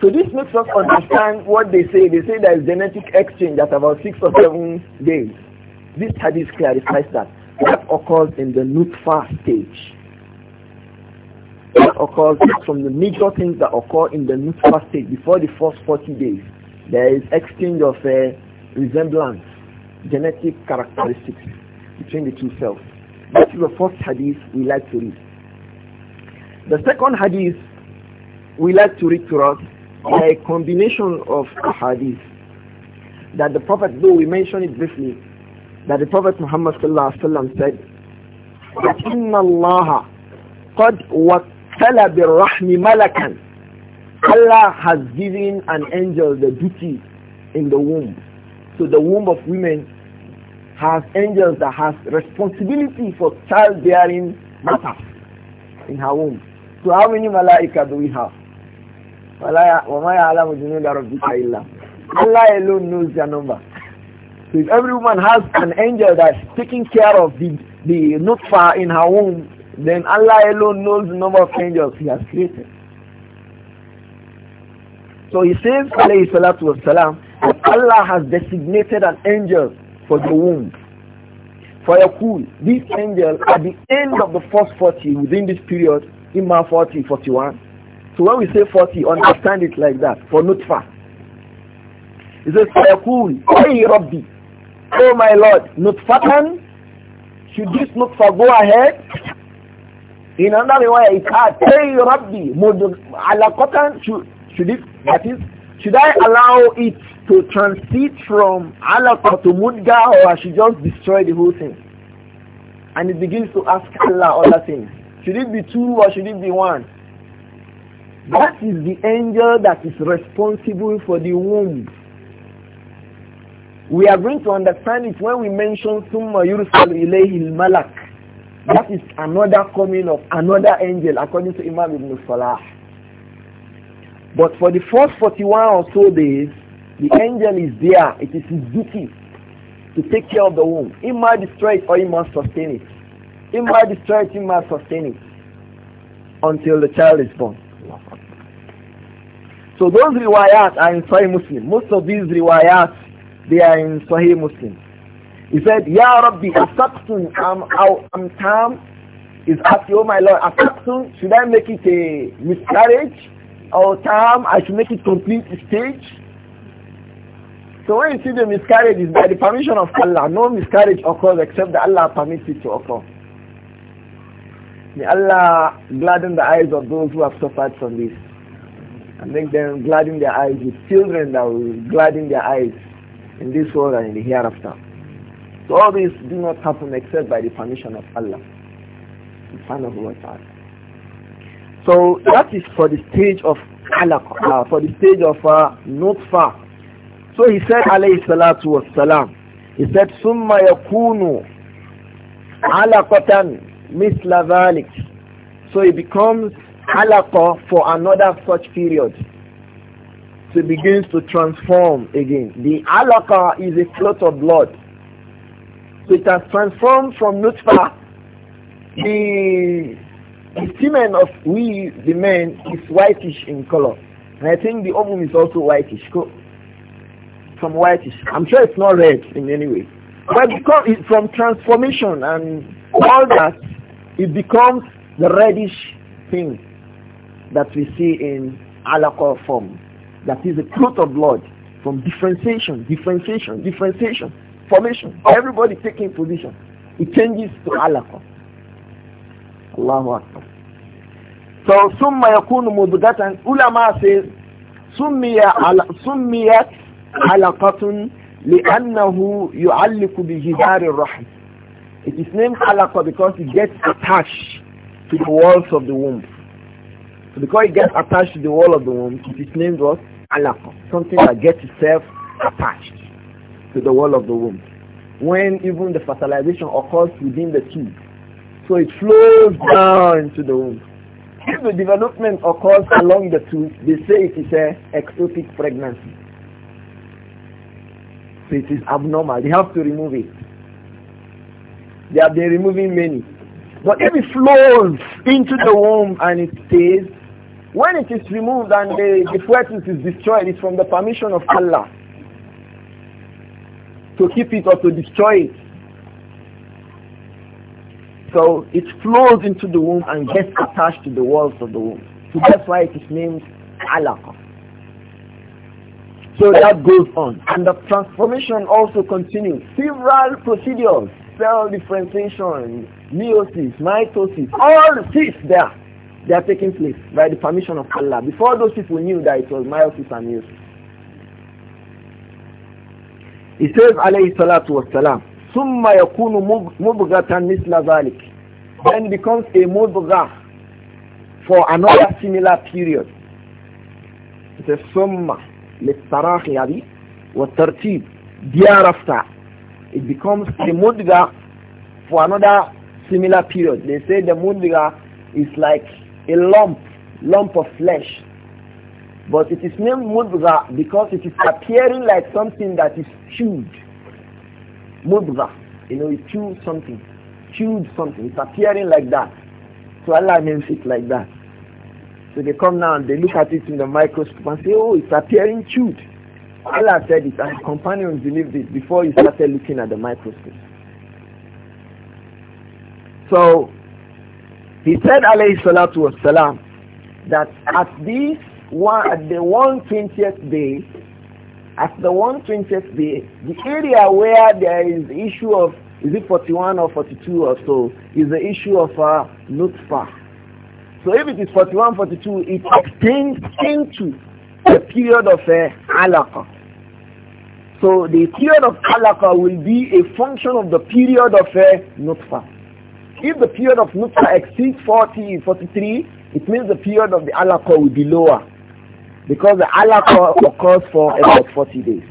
So this makes us understand what they say. They say there is genetic exchange at about six or seven days. This hadith clarifies that. what occurs in the nutfah stage. That occurs from the major things that occur in the nutfah stage before the first 40 days. There is exchange of uh, resemblance, genetic characteristics between the two cells. That is the first hadith we like to read. The second hadith we like to read to us a combination of hadith that the Prophet, though we mentioned it briefly, that the Prophet Muhammad sallallahu said, إِنَّ اللَّهَ قَدْ وَكَّلَ بِالرَّحْمِ مَلَكًا Allah has given an angel the duty in the womb. So the womb of women has angels that has responsibility for childbearing matters in her womb. So how many malaika do we have? Allah alone knows their number. So if every woman has an angel that's taking care of the, the nutfa in her womb, then Allah alone knows the number of angels he has created. So he says, alayhi salatu wasalam, that Allah has designated an angel for the womb. For your this angel at the end of the first 40 within this period, Imam 40, 41. So when we say 40, understand it like that, for nutfa. He says, فَيَقُولُ أَيْ رَبِّي Oh my Lord, Nutfatan, should this Nutfa go ahead? In another way, it's Rabbi, should, it, that is, should I allow it to transit from Alaqa to Mudga or I should just destroy the whole thing? And it begins to ask Allah other things. Should it be two or should it be one? That is the angel that is responsible for the womb. We are going to understand it when we mention Summa Yusuf Ilayhi Malak. That is another coming of another angel according to Imam Ibn Salah. But for the first 41 or so days, the angel is there. It is his duty to take care of the womb. He might destroy it or he must sustain it. He might destroy it, he must sustain it until the child is born. So those riwayat are in Sahih Muslim. Most of these riwayat they are in Sahih Muslim. He said, Ya Rabbi, Asaqtun am I'm tam. is asking, oh my Lord, Asaqtun, should I make it a miscarriage? Or tam, I should make it complete stage? So when you see the miscarriage, is by the permission of Allah. No miscarriage occurs except that Allah permits it to occur. May Allah gladden the eyes of those who have suffered from this and make them gladden their eyes with children that will gladden their eyes in this world and in the hereafter. So all these do not happen except by the permission of Allah. the Subhanahu wa ta'ala. So that is for the stage of alaq, uh, for the stage of uh, nutfa. So he said alayhi salatu was salam. He said summa yakunu alaqatan misla So it becomes alaqa for another such period it begins to transform again. The alaka is a clot of blood. So it has transformed from nutfa. The, the semen of we, the men, is whitish in color. And I think the ovum is also whitish. From whitish. I'm sure it's not red in any way. But because it, from transformation and all that, it becomes the reddish thing that we see in alaka form. That is the truth of Lord from differentiation, differentiation, differentiation, formation. Everybody taking position. It changes to Allah Allahu Akbar. So ثم يكون مضغة ulama says سمي على سميت علقة لأنه يعلق بجدار الرحم It is named alaqa because it gets attached to the walls of the womb. So because it gets attached to the wall of the womb, it is named what? alaqa, something that gets itself attached to the wall of the womb. When even the fertilization occurs within the tube, so it flows down to the womb. If the development occurs along the tube, they say it is a ectopic pregnancy. So it is abnormal. They have to remove it. They have been removing many. But if it flows into the womb and it stays, when it is removed and the, the foetus is destroyed, it's from the permission of Allah to keep it or to destroy it. So it flows into the womb and gets attached to the walls of the womb. So that's why it is named Allah. So that goes on. And the transformation also continues. Several procedures, cell differentiation, meiosis, mitosis, all sits there. They are taking place by the permission of Allah. Before those people knew that it was meiosis and meiosis. He says, alayhi salatu wassalam, ثُمَّ يَكُونُ مُبْغَةً مِثْلَ ذَلِكَ Then it becomes a mubghah for another similar period. says, summa للتراخي هذه والترتيب thereafter it becomes a mudga for another similar period. They say the mudga is like a lump, lump of flesh. But it is named mudra because it is appearing like something that is chewed. Mudra, you know, it chewed something, chewed something. It's appearing like that. So Allah names it like that. So they come now and they look at it in the microscope and say, oh, it's appearing chewed. Allah said it and his companions believed it before he started looking at the microscope. So he said, alayhi salatu salam that at this one, at the 120th day, at the 120th day, the area where there is the issue of, is it 41 or 42 or so, is the issue of uh, nutfah. So if it is 41, 42, it extends into the period of uh, alaqa. So the period of alaqa will be a function of the period of uh, nutfah. If the period of Nutfa exceeds 40, 43, it means the period of the Alaqa will be lower. Because the Alaqa occurs for about 40 days.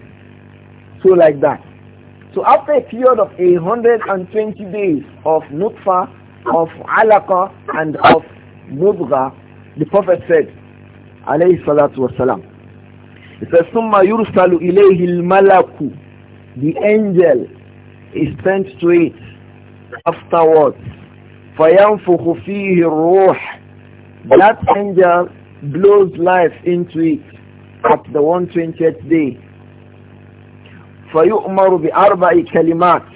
So like that. So after a period of 120 days of Nutfa, of Alaqa, and of Mudgha, the Prophet said, alayhi salatu wasalam, he says, ثُمَّ يُرْسَلُ إِلَيْهِ الْمَلَكُ The angel is sent to it afterwards فَيَنْفُخُ فِيهِ الرُّوحِ That angel blows life into it at the 120th day. فَيُؤْمَرُ بِأَرْبَعِ كَلِمَاتٍ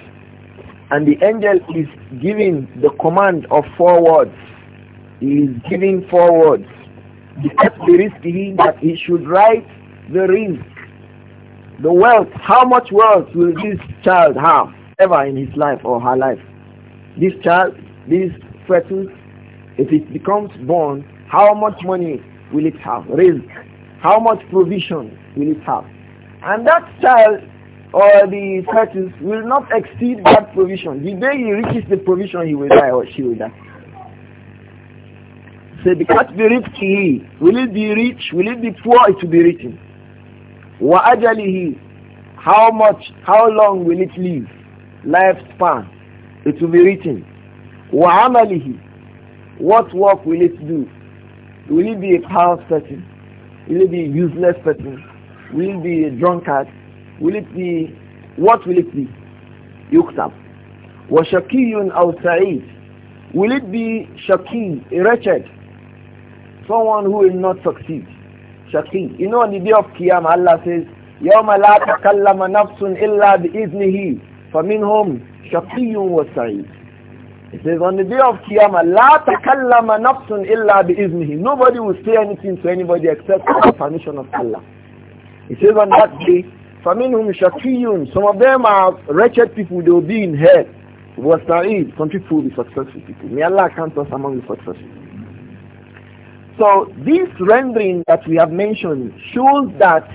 And the angel is giving the command of four words. He is giving four words. The risk he that he should write the risk, the wealth. How much wealth will this child have ever in his life or her life? This child this fetus, if it becomes born, how much money will it have? Risk. How much provision will it have? And that child or the fetus will not exceed that provision. The day he reaches the provision, he will die or she will die. Say, so because be rich he, will it be rich? Will it be poor? It will be rich. How much, how long will it live? Lifespan. It will be written. وَعَمَلِهِ What work will it do? Will it be a power person? Will it be a useless person? Will it be a drunkard? Will it be, what will it be? يُكتب وَشَكِيٌّ أَوْ سَعِيدٌ Will it be shaki, a wretched? Someone who will not succeed. Shaki. You know on the day of Qiyamah Allah says, يوم لا تكلم نفس إلا بإذنه فمنهم شقي وسعيد it says, on the day of Qiyamah, لا تكلم نفس إلا بإذنه. Nobody will say anything to anybody except with the permission of Allah. It says on that day, فَمِنْهُمْ شَقِيٌّ Some of them are wretched people, they will be in hell. وَسَعِيد Some people will be successful people. May Allah count us among the successful. So this rendering that we have mentioned shows that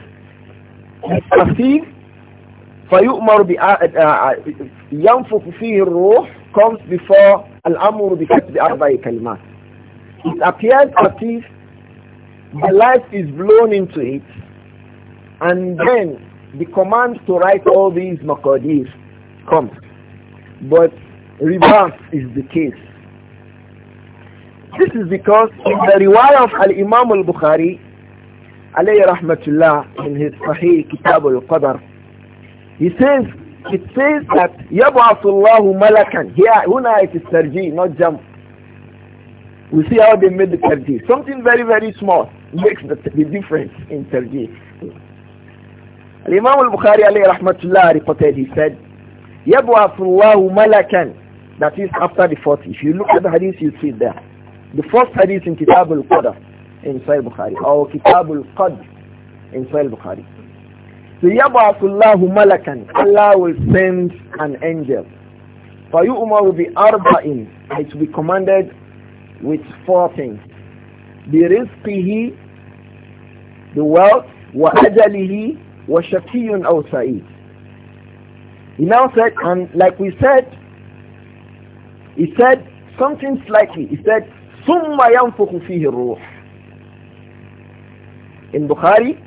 التفسير فيؤمر ينفخ فيه الروح comes before Al-Amru because the Arba'i Kalimat. It appears as if the life is blown into it and then the command to write all these maqadir comes. But reverse is the case. This is because in the riwayah of Al-Imam Al-Bukhari, alayhi rahmatullah, in his Sahih Kitab Al-Qadr, he says it says that Yab'athullahu malakan. Here, huna it is tarji, not jam. We see how they made the tarji. Something very, very small makes the, the difference in tarji. Al-Imam al-Bukhari alayhi rahmatullah reported, he said, Yab'athullahu malakan. That is after the 40. If you look at the hadith, you see there. The first hadith in Kitab al in Sahih Bukhari, or Kitab al in Sahih Bukhari. So Yabatullahu Malakan, Allah will send an angel. For you Umar will be arba'in, it will be commanded with four things. The rizqihi, the wealth, wa ajalihi, wa shakiyun aw He now said, and like we said, he said something slightly. He said, ثم ينفخ فيه In Bukhari,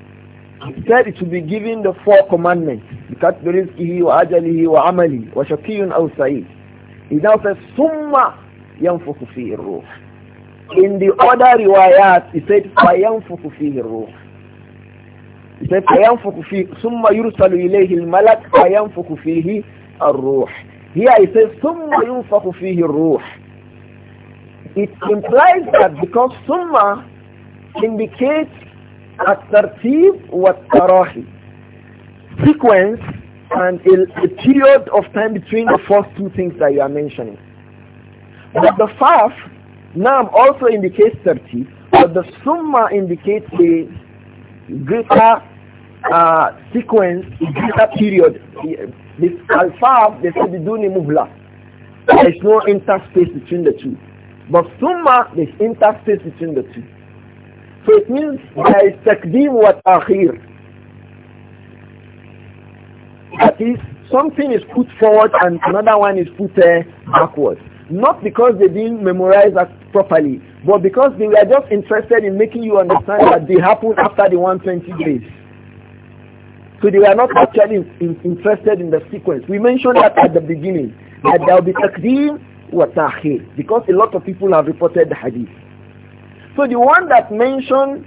he said it should be given the four commandments. بِكَتْبِ رِزْكِهِ wa amali وَشَقِيٌّ أَوْ سَعِيدٌ He now says, summa يَنْفُخُ فِيهِ In the other riwayat, he said, فَيَنْفُخُ فِيهِ He said, فَيَنْفُخُ summa ثُمَّ يُرْسَلُ إِلَيْهِ malak فَيَنْفُخُ فِيهِ الرُّوحِ Here he says, ثُمَّ يُنْفَخُ فِيهِ الرُّوحِ It implies that because summa indicates at-tartib wa tarahi. Sequence and a, a period of time between the first two things that you are mentioning. But the faf, nam also indicates thirty, but the summa indicates a greater uh, sequence, greater period. This alfab, they say biduni mubla. There is no interspace between the two. But summa, there's interspace between the two. So it means there is takdim wa ta'khir. That is, something is put forward and another one is put uh, eh, backwards. Not because they didn't memorize that properly, but because they were just interested in making you understand that they happened after the 120 days. So they were not actually in, in, interested in the sequence. We mentioned that at the beginning, that there will be takdim wa ta'khir, because a lot of people have reported the hadith. So the one that mentioned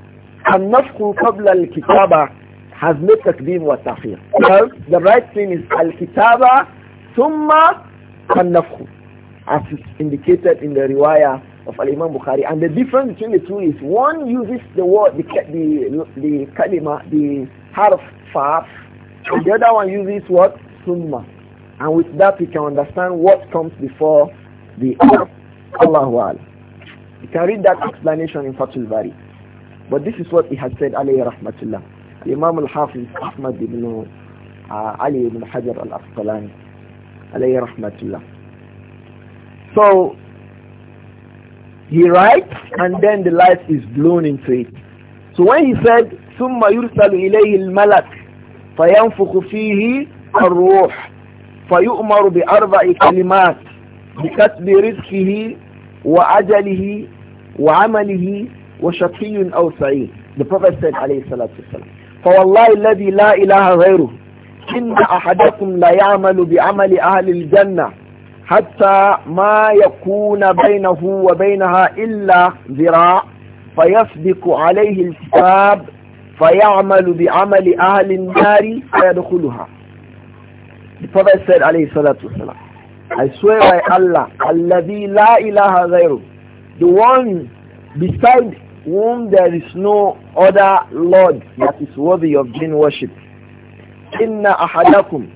النفخ al-kitaba" has no تكذيب والتأخير. Well, the right thing is al-kitaba summa النفخ as is indicated in the riwayah of Al-Imam Bukhari. And the difference between the two is one uses the word, the, the, the kalima, the harf, fa'af, and the other one uses what? Summa. And with that we can understand what comes before the Allahu Akbar. You can read that explanation in Fatul Bari. But this is what he has said, alayhi rahmatullah. Imam al-Hafiz Ahmad ibn uh, Ali ibn Hajar al-Asqalani, alayhi rahmatullah. So, he writes and then the light is blown into it. So when he said, ثُمَّ يُرْسَلُ إِلَيْهِ الْمَلَكِ فَيَنْفُخُ فِيهِ الرُّوحِ فَيُؤْمَرُ بِأَرْبَعِ كَلِمَاتِ بِكَتْبِ رِزْكِهِ وعجله وعمله وشقي أو سعيد The Prophet said عليه الصلاة والسلام فوالله الذي لا إله غيره إن أحدكم لا يعمل بعمل أهل الجنة حتى ما يكون بينه وبينها إلا ذراع فيسبق عليه الكتاب فيعمل بعمل أهل النار فيدخلها The Prophet said عليه الصلاة والسلام I swear by Allah, Allahi la ilaha ghairu, the one beside whom there is no other Lord that is worthy of being worshipped. Inna ahadakum.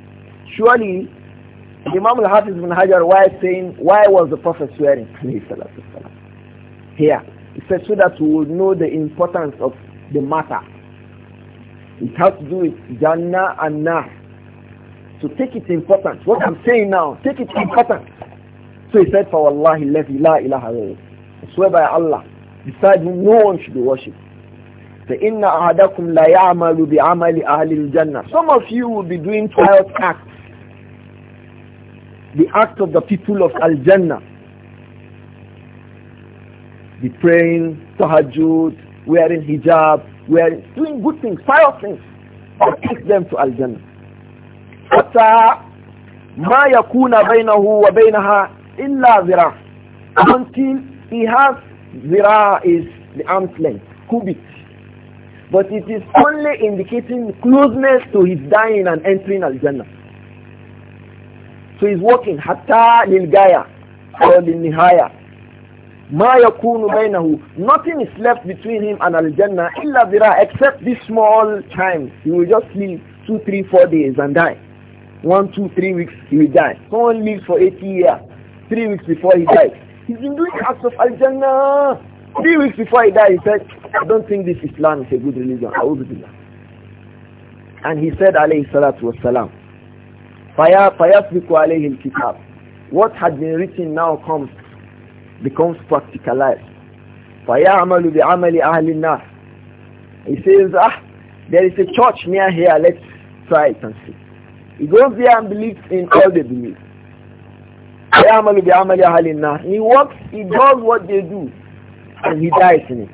Surely, Imam al-Hafiz bin Hajar, why saying, why was the Prophet swearing? (laughs) Here, he said so that we would know the importance of the matter. It has to do with Jannah and Nah. So take it important. What I'm saying now, take it important. So he said, For Allah, he la ilaha ghayr. I swear by Allah, besides whom no one should be worshipped. inna أَحَدَكُمْ لَا يَعْمَلُ بِعَمَلِ أَهْلِ jannah. Some of you will be doing trial acts. The act of the people of Al-Jannah. Be praying, tahajjud, wearing hijab, wearing, doing good things, pious things. That take them to Al-Jannah hatta ma yakuna bainahu wa bainaha illa zira until he has zira is the arm's length cubit but it is only indicating closeness to his dying and entering al-jannah so he's walking hatta lil gaya or lil nihaya ma yakunu bainahu nothing is left between him and al-jannah illa zira except this small time he will just live two three four days and die one, two, three weeks, he will die. Someone lives for 80 years, three weeks before he dies. He's been doing acts of al-jannah. Three weeks before he died, he said, I don't think this Islam is a good religion. I will do that. And he said, alayhi salatu wasalam, فَيَسْبِكُ عَلَيْهِ الْكِتَابِ What had been written now comes, becomes practicalized. فَيَعْمَلُ بِعَمَلِ أَهْلِ النَّارِ He says, ah, there is a church near here, let's try it and see. He goes there and believes in all they believe. He works, he does what they do, and he dies in it.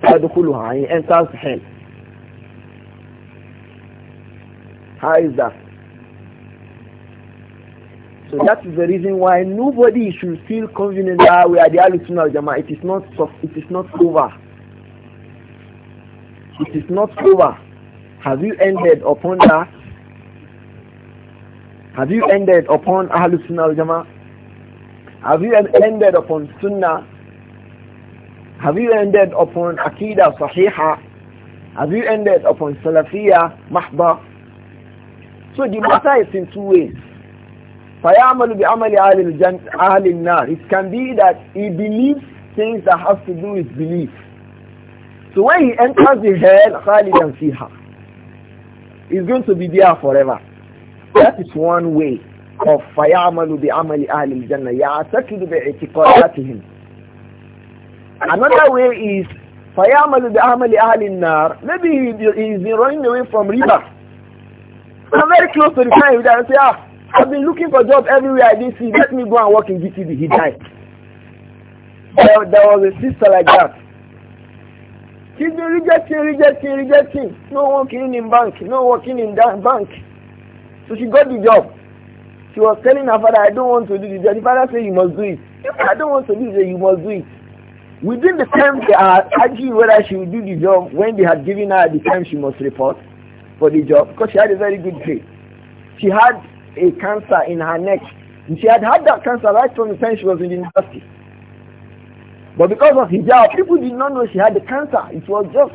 He enters hell. How is that? So that is the reason why nobody should feel confident that we are the Alusuna Jama. It is not it is not over. It is not over. Have you ended upon that? Have you ended upon Ahlul Sunnah al-Jama'ah? Have you ended upon Sunnah? Have you ended upon Aqidah Sahiha? Have you ended upon Salafiyah Mahba? So the matter is in two ways. فَيَعْمَلُ بِعَمَلِ أَهْلِ النَّارِ It can be that he believes things that has to do with belief. So when he enters the hell, خَالِدًا فِيهَا He's going to be there forever. That is one way of amali فَيَعْمَلُ بِعَمَلِ أَهْلِ الْجَنَّةِ to him. Another way is فَيَعْمَلُ amali alil nahr. Maybe he is running away from riba. I'm very close to the time that I say, ah, I've been looking for a job everywhere I didn't see. Let me go and work in GTD. He died. There, there was a sister like that. She's been rejecting, rejecting, rejecting. No working in bank, no working in that bank. So she got the job. She was telling her father, I don't want to do this. And the father said, you must do it. I don't want to do this. You must do it. Within the time they are arguing whether she will do the job, when they had given her the time she must report for the job, because she had a very good grade. She had a cancer in her neck. And she had had that cancer right from the time she was in university. But because of hijab, people did not know she had the cancer. It was just,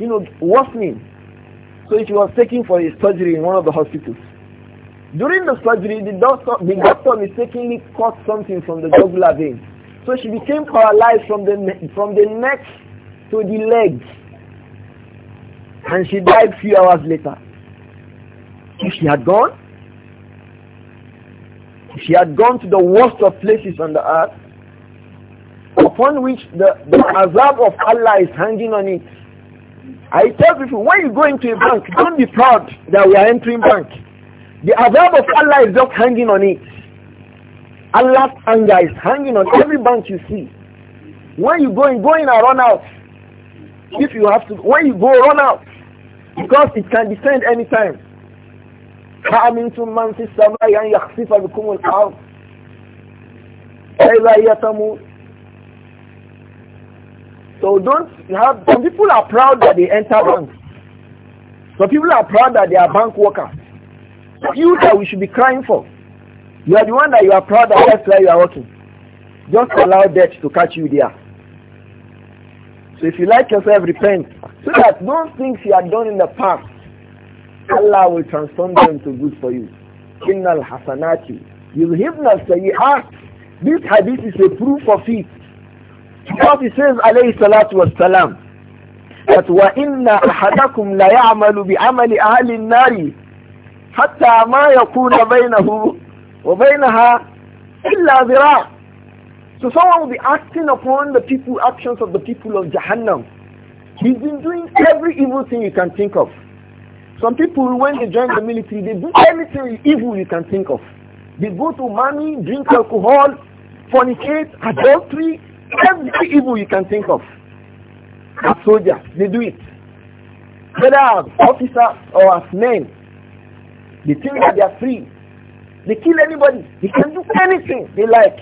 you know, worsening. So she was taken for a surgery in one of the hospitals. During the surgery, the doctor, the doctor mistakenly cut something from the jugular vein. So she became paralyzed from the, from the neck to the legs. And she died few hours later. If she had gone, if she had gone to the worst of places on the earth, upon which the, the azab of Allah is hanging on it. I tell people, when you go into a bank, don't be proud that we are entering bank. The azab of Allah is just hanging on it. Allah's anger is hanging on every bank you see. When you go in, go in and run out. If you have to, when you go, run out. Because it can descend anytime. أأمنتم So don't have, some people are proud that they enter banks. Some people are proud that they are bank workers. You that we should be crying for. You are the one that you are proud of that's where you are working. Just allow death to catch you there. So if you like yourself, repent. So that those things you had done in the past, Allah will transform them to good for you. al hasanati. You Yuzhibna sayyat. This hadith is a proof of it. Because it says, alayhi salatu was salam, that wa inna ahadakum la ya'malu bi amali ahli nari حتى ما يكون بينه وبينها إلا ذراع So someone will be acting upon the people, actions of the people of Jahannam. He's been doing every evil thing you can think of. Some people, when they join the military, they do anything evil you can think of. They go to money, drink alcohol, fornicate, adultery, every evil you can think of. As soldiers, they do it. Whether as officers or as men, they think that they are free. They kill anybody. They can do anything they like.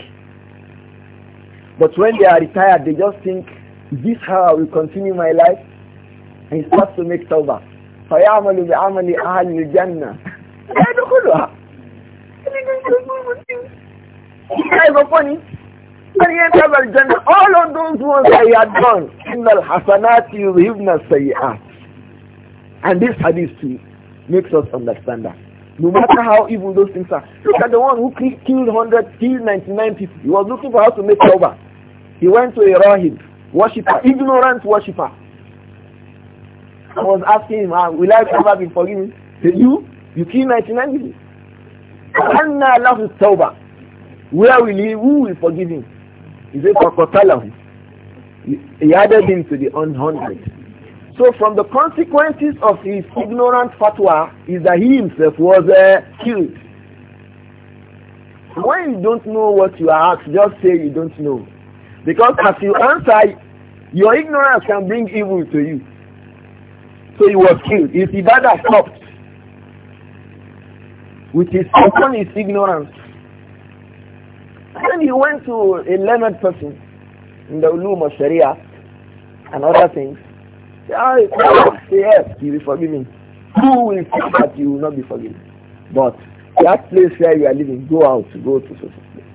But when they are retired, they just think, this how I will continue my life? And he starts to make tawbah. فَيَعْمَلُ بِعَمَلِ أَهَلِ الْجَنَّةِ I don't know. All of those ones that he had done. إِنَّ الْحَسَنَاتِ يُذْهِبْنَ السَّيِّئَاتِ And this hadith too makes us understand that. No matter how evil those things are. Look at the one who killed 100, killed 99 people. He was looking for how to make tawbah. He went to a rahib, worshipper, ignorant worshipper. I was asking him, ah, will I ever be forgiven? He said, you? You killed 99 people. Anna lahu tawbah. Where will he, who will forgive him? He said, فَقَتَلَهُ He added him to the 100. So from the consequences of his ignorant fatwa is that he himself was uh, killed. When you don't know what you are asked, just say you don't know. Because as you answer, your ignorance can bring evil to you. So he was killed. His ibadah stopped. With his upon his ignorance. Then he went to a learned person in the ulum of Sharia and other things. Ah, say, say yes, you will forgive me. Who will say that you will not be forgiven? But that place where you are living, go out, go to such place.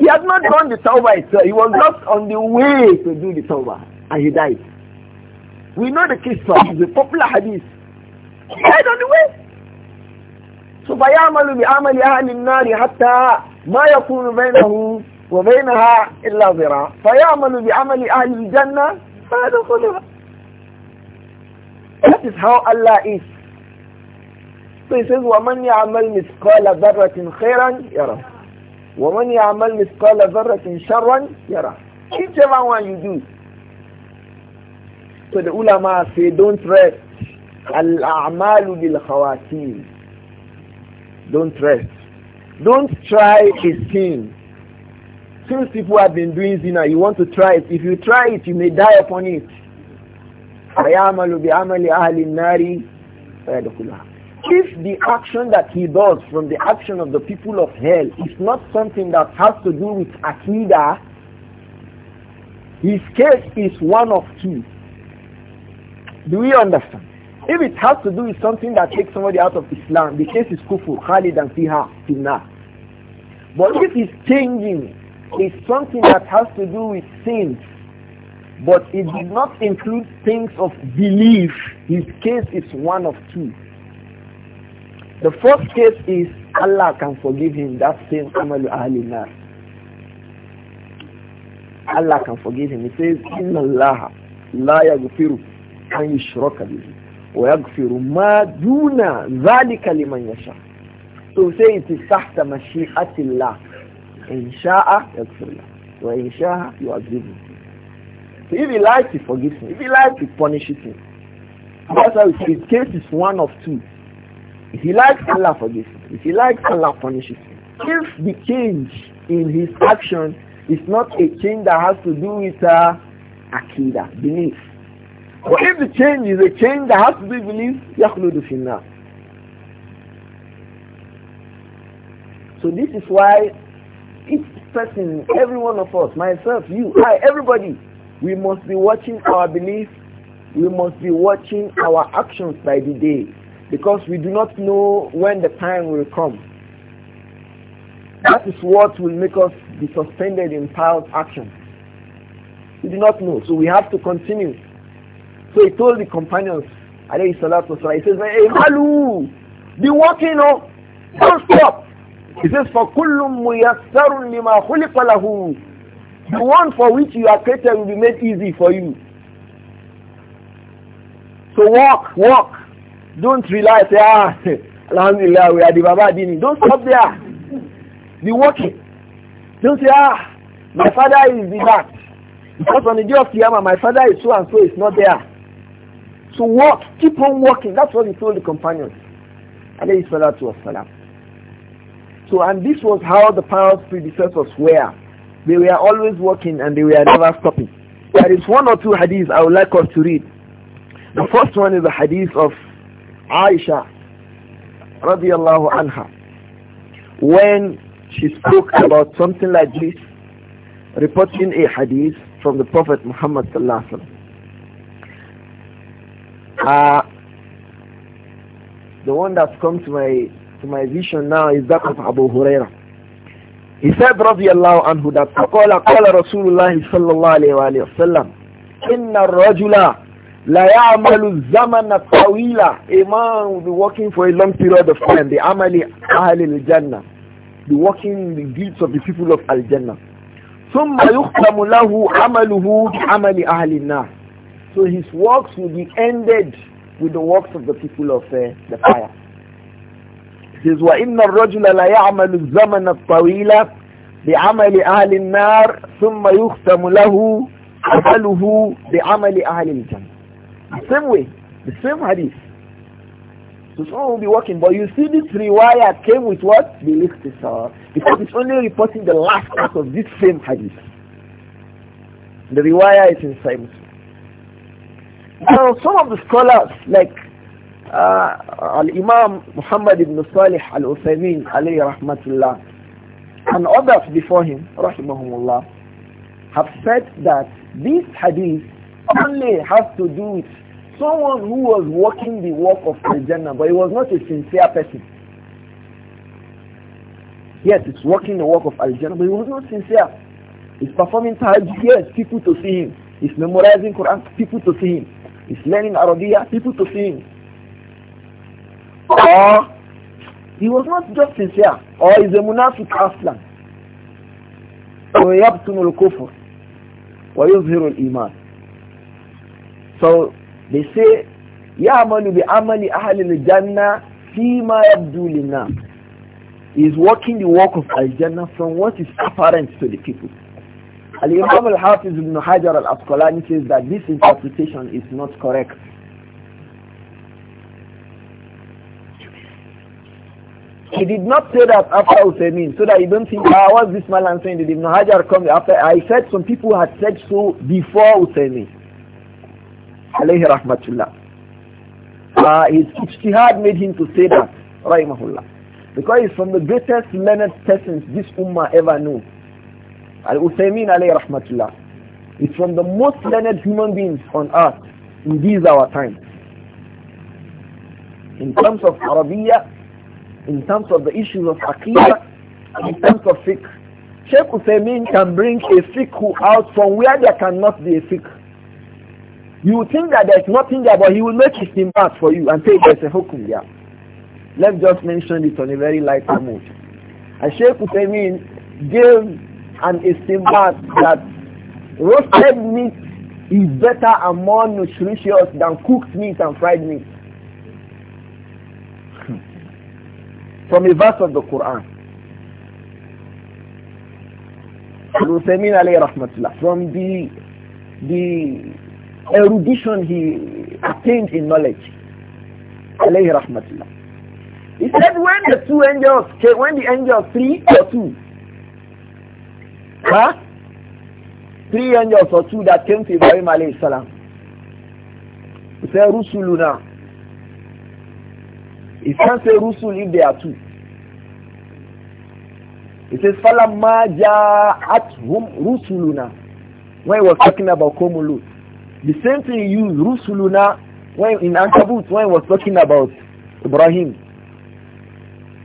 He had not done the tawbah itself. He was just on the way to do the tawbah and he died. We know the kisah, the popular hadith. He died on the way. So فَيَعْمَلُ بِعَمَلِ أَهْلِ النَّارِ حَتَّى مَا يَكُونُ بَيْنَهُ وبينها إلا فيعمل بعمل أهل الجنة فيدخلها that is how Allah is. So he says, وَمَنْ يَعْمَلْ مِثْقَالَ ذَرَّةٍ خَيْرًا يَرَى وَمَنْ يَعْمَلْ مِثْقَالَ ذَرَّةٍ شَرًّا يَرَى Whichever one you do. So the ulama say, don't rest. Al-a'malu bil-khawatim. Don't rest. Don't try a sin. Since people have been doing zina, you want to try it. If you try it, you may die upon it. If the action that he does from the action of the people of hell is not something that has to do with akida, his case is one of two. Do we understand? If it has to do with something that takes somebody out of Islam, the case is kufur, khalid and fiha, finna. But if it's changing, it's something that has to do with sins, but it did not include things of belief. His case is one of two. The first case is Allah can forgive him that same Amalu Ahlina. Allah can forgive him. He says, Inna Allah la yagfiru an yushraka bihi wa yagfiru ma duna dhalika liman yasha. So say it is tahta mashi'atillah. In sha'a yaghfirullah wa in sha'a yu'adhibuhu if he likes, he forgives him. If he likes, he punishes him. That's how his case is one of two. If he likes, Allah forgives him. If he likes, Allah punishes him. If the change in his action is not a change that has to do with uh, akida, belief. But if the change is a change that has to do with belief, yakhludu finna. So this is why each person, every one of us, myself, you, I, everybody, we must be watching our belief. We must be watching our actions by the day because we do not know when the time will come. That is what will make us be suspended in past action. We do not know, so we have to continue. So he told the companions, alayhi salatu wasalam, he says, hey, be working on, oh. don't stop. He says, فَكُلُّ مُيَسَّرٌ لِمَا خُلِقَ لَهُ the one for which you are created will be made easy for you. So walk, walk. Don't rely, say, ah, (laughs) Alhamdulillah, we are the Baba Dini. Don't stop there. Be walking. Don't say, ah, my father is the that. Because on the day of Qiyamah, my father is so and so, is not there. So walk, keep on walking. That's what he told the companions. Alayhi salatu wasalam. So, and this was how the pious predecessors were. They were always walking and they were never stopping. There is one or two hadiths I would like us to read. The first one is the hadith of Aisha radiallahu anha. When she spoke about something like this, reporting a hadith from the Prophet Muhammad sallallahu alaihi wasallam. Uh, the one that's come to my to my vision now is that of Abu Huraira he said, radiyallahu anhu, that فَقَالَ قَالَ رَسُولُ اللَّهِ صَلَّى اللَّهُ عَلَيْهِ وَآلِهِ وَسَلَّمَ إِنَّ الرَّجُلَ لَيَعْمَلُ الزَّمَنَ الطَّوِيلَ A man will be working for a long period of time. The amali ahli al-jannah. Be working in the deeds of the people of al-jannah. ثُمَّ يُخْتَمُ لَهُ عَمَلُهُ بِعَمَلِ أَهْلِ النَّارِ So his works will be ended with the works of the people of uh, the fire says, وَإِنَّ الرَّجُلَ لَيَعْمَلُ الزَّمَنَ الطَّوِيلَ بِعَمَلِ أَهْلِ النَّارِ ثُمَّ يُخْتَمُ لَهُ عَمَلُهُ بِعَمَلِ أَهْلِ الْجَنَّةِ The same way, the same hadith. So someone will be working, but you see this riwayah came with what? The is Because it's only reporting the last part of this same hadith. The riwayah is in Sahih Now some of the scholars, like uh, Al-Imam Muhammad ibn Salih Al-Uthaymeen alayhi rahmatullah and others before him rahimahumullah have said that this hadith only has to do with someone who was working the work of Al-Jannah but he was not a sincere person. Yes, it's working the work of Al-Jannah but he was not sincere. He's performing Hajj, yes, people to see him. He's memorizing Quran, people to see him. He's learning Arabia, people to see him. Or he was not just sincere, or is a munafiq aslan. ويبطن الكفر ويظهر iman So they say يعمل بعمل أهل الجنة فيما يبدو للناس. He is working the work of Al-Jannah from what is apparent to the people. Al-Imam Al-Hafiz ibn Hajar Al-Asqalani says that this interpretation is not correct. He did not say that after Uthaymeen, so that you don't think, ah, what's this man saying? Did Ibn Hajar come after? I said some people had said so before Uthaymeen. Alayhi rahmatullah. Uh, his ijtihad made him to say that, rahimahullah. Because he's from the greatest learned persons this ummah ever knew. Al-Uthaymeen alayhi rahmatullah. He's from the most learned human beings on earth in these our times. In terms of Arabia, in terms of the issues of aqidah, in terms of fiqh. Sheikh Uthaymeen can bring a fiqh out from where there cannot be a fiqh. You think that there's nothing there, but he will make his impact for you and say there's a hukum there. Let's just mention it on a very light note. And Sheikh Uthaymeen gave an estimate that roasted meat is better and more nutritious than cooked meat and fried meat. from a verse of the Quran. Al-Uthaymin alayhi rahmatullah, from the, the erudition he attained in knowledge. Alayhi rahmatullah. He said when the two angels came, when the angels, three or two, huh? Three angels or two that came to Ibrahim alayhi salam. He said, Rusuluna, he can't say rusul if there are two. It says falamma ja'atuhum rusuluna when he was talking about Komulu. The same thing he used rusuluna when in Ankabut when he was talking about Ibrahim.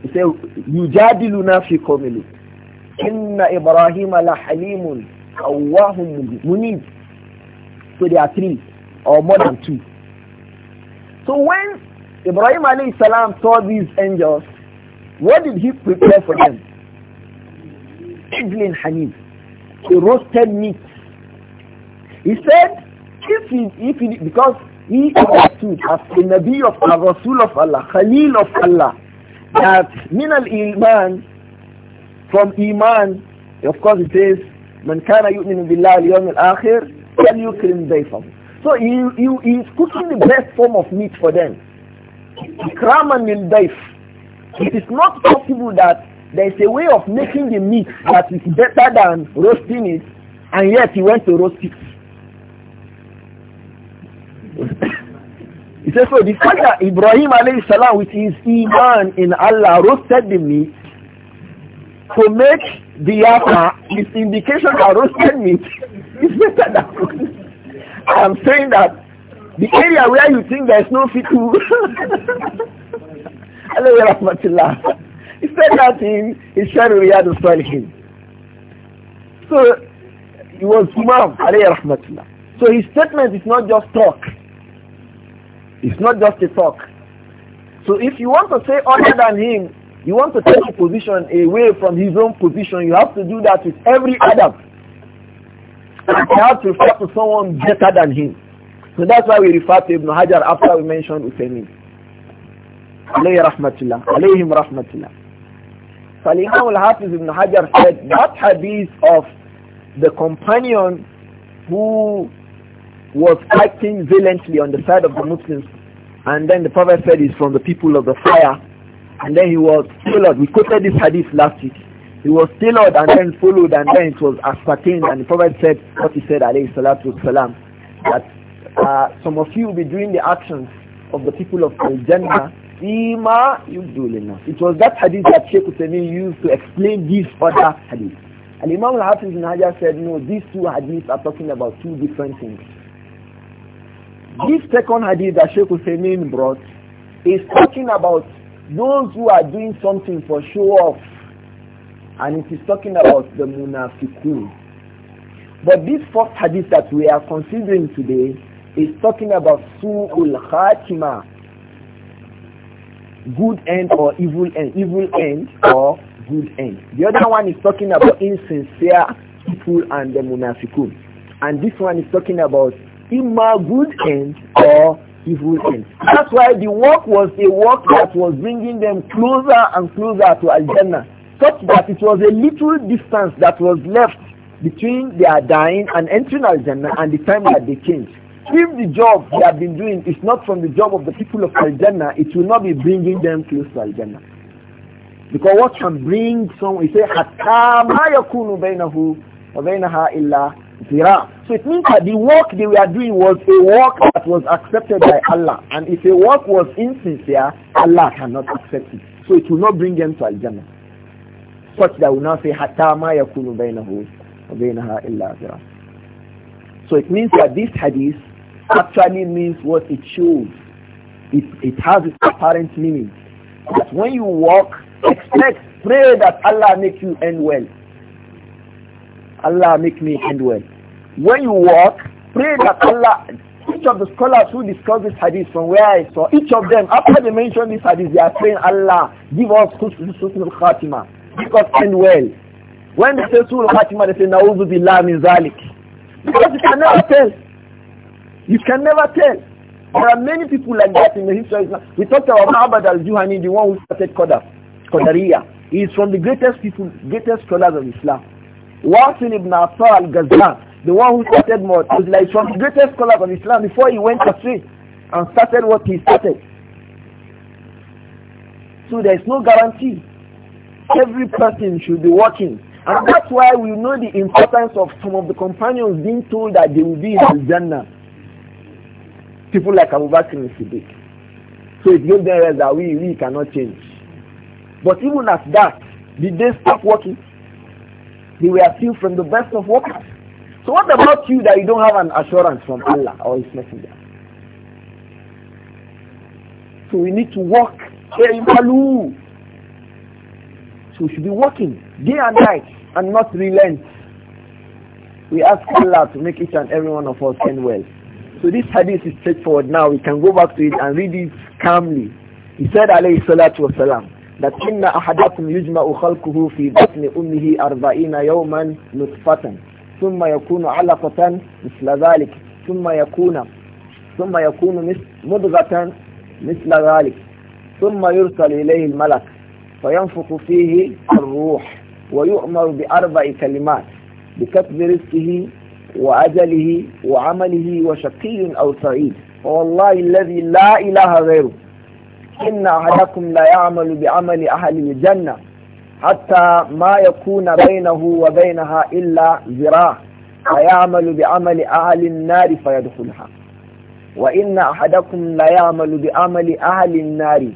He said yujadiluna fi Komulu. Inna Ibrahim ala halimun awahum So there are three or more than two. So when Ibrahim alayhi salam saw these angels. What did he prepare for them? Idlin hanif, He roasted meat. He said, if he, if he, because he understood as the Nabi of Allah, Rasul of Allah, Khalil of Allah, that min al-iman, from iman, of course it says, man kana yu'minu billahi al-yawm al-akhir, falyukrim dayfahu. So he, he, he is cooking the best form of meat for them. Ikraman min daif. It is not possible that there is a way of making the meat that is better than roasting it, and yet he went to roast it. he says, so the fact that Ibrahim alayhi salam with his iman in Allah roasted the meat to make the yapa is indication that roasted meat is better than I am saying that the area where you think there is no fitu. Alayhi rahmatullah. He said that in his Sharu Riyad al-Salihin. So, he was Imam, alayhi rahmatullah. So his statement is not just talk. It's not just a talk. So if you want to say other than him, you want to take a position away from his own position, you have to do that with every other. You have to refer to someone better than him. So that's why we refer to Ibn Hajar after we mentioned Uthaymeen. Alayhi rahmatullah. Alayhim rahmatullah. So Al-Imam al-Hafiz Ibn Hajar said that hadith of the companion who was acting violently on the side of the Muslims and then the Prophet said he's from the people of the fire and then he was followed. We quoted this hadith last week. He was tailored and then followed and then it was ascertained and the Prophet said what he said alayhi salatu salam that uh, some of you will be doing the actions of the people of Al-Jannah Fima Yubdulina. It was that hadith that Sheikh Hussein used to explain this other hadith. And Imam Al-Hafiz ibn Hajar said, no, these two hadiths are talking about two different things. This second hadith that Sheikh Hussein brought is talking about those who are doing something for show off. And it is talking about the munafiqun. But this first hadith that we are considering today is talking about su'ul khatima, good end or evil end, evil end or good end. The other one is talking about insincere people and the munafiqun. And this one is talking about imma good end or evil end. That's why the work was a work that was bringing them closer and closer to Al-Jannah, such that it was a little distance that was left between their dying and entering Al-Jannah and the time that they changed. If the job they have been doing is not from the job of the people of Al-Jannah, it will not be bringing them close to Al-Jannah. Because what can bring someone, We say, حَتَّى مَا يَكُونُ بَيْنَهُ وَبَيْنَهَا إِلَّا So it means that the work they were doing was a work that was accepted by Allah. And if a work was insincere, Allah cannot accept it. So it will not bring them to Al-Jannah. Such that will not say, حَتَّى So it means that this hadith actually means what it shows. It, it has its apparent meaning. But when you walk, expect, pray that Allah make you end well. Allah make me end well. When you walk, pray that Allah, each of the scholars who discuss this hadith from where I saw, each of them, after they mention this hadith, they are saying, Allah, give us of Khatima. Because end well. When they say Surah Khatima, they say, Na'udhu Billah min Zalik. Because you can never tell. You can never tell. There are many people like that in the history of Islam. We talked about Muhammad al-Juhani, the one who started Qadar, Qadariya. He is from the greatest people, greatest scholars of Islam. Wasil ibn Asar al-Ghazan, the one who started Mu'tazila, is from the greatest scholars of Islam before he went astray and started what he started. So there is no guarantee. Every person should be watching. And that's why we know the importance of some of the companions being told that they will be in Jannah People like Abu Bakr and Siddiq. So it gave them that we, we cannot change. But even at that, did they stop working? They were still from the best of workers. So what about you that you don't have an assurance from Allah or His Messenger? So we need to work. So we should be working day and night and not relent. We ask Allah to make each and every one of us end well. So this hadith is straightforward now. We can go back to it and read it calmly. He said alayhi salatu wasalam that inna ahadakum yujma'u khalquhu fi batni ummihi arba'ina yawman nutfatan يكون yakunu 'alaqatan مثل ذلك، ثم يكون، ثم يكون مضغة مثل ذلك ثم يرسل إليه الملك فينفق فيه الروح ويؤمر بأربع كلمات بكتب رزقه وأجله وعمله وشقي أو سعيد فوالله الذي لا إله غيره إن أحدكم لا يعمل بعمل أهل الجنة حتى ما يكون بينه وبينها إلا ذراع فيعمل بعمل أهل النار فيدخلها وإن أحدكم لا يعمل بعمل أهل النار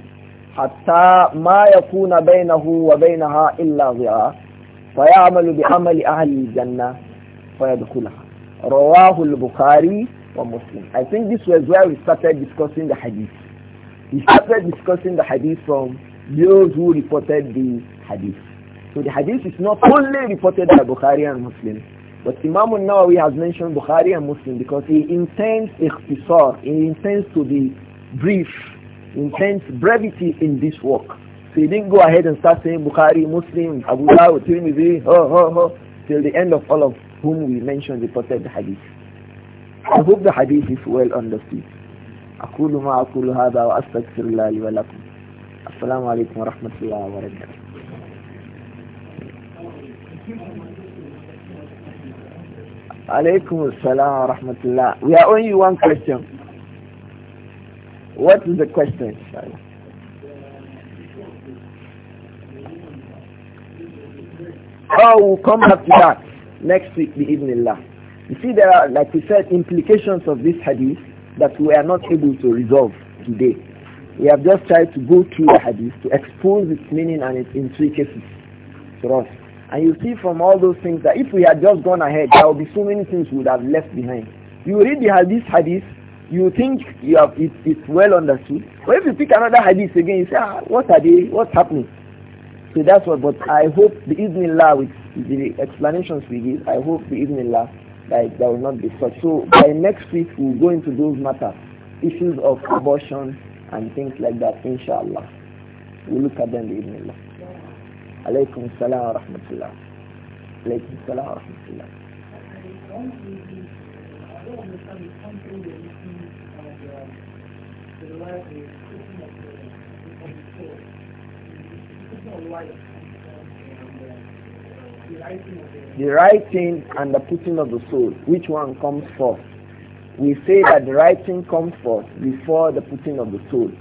حتى ما يكون بينه وبينها إلا ذراع فيعمل بعمل أهل الجنة فيدخلها Rawahul Bukhari or Muslim. I think this was where we started discussing the hadith. We started discussing the hadith from those who reported the hadith. So the hadith is not only reported by Bukhari and Muslim, but Imam al-Nawawi has mentioned Bukhari and Muslim because he intends ikhtisar, he intends to be brief, intends brevity in this work. So he didn't go ahead and start saying Bukhari, Muslim, Abu Dawud, Tirmidhi, ho, ho, ho till the end of all of whom we mentioned reported the hadith. I hope the hadith is well understood. أقول ما أقول هذا وأستغفر الله لي ولكم السلام عليكم ورحمة الله وبركاته عليكم السلام ورحمة الله We are only one question What is the question inshallah Oh, we'll come back to that next week, the bi'idhnillah. You see, there are, like we said, implications of this hadith that we are not able to resolve today. We have just tried to go through the hadith to expose its meaning and its intricacies for us. And you see from all those things that if we had just gone ahead, there would be so many things we would have left behind. You read the hadith, hadith, you think you have it, it's well understood. But if you pick another hadith again, you say, ah, what are they, what's happening? So that's what, but I hope the evening, Iznillah with the explanations we give, I hope the Iznillah like there will not be such. So by next week we'll go into those matters, issues of abortion and things like that, inshallah. We'll look at them Iznillah. Alaykum salam wa rahmatullah. Alaykum salam wa rahmatullah. I don't understand the country that you see uh, The writing and the putting of the soul, which one comes first? We say that the writing comes first before the putting of the soul.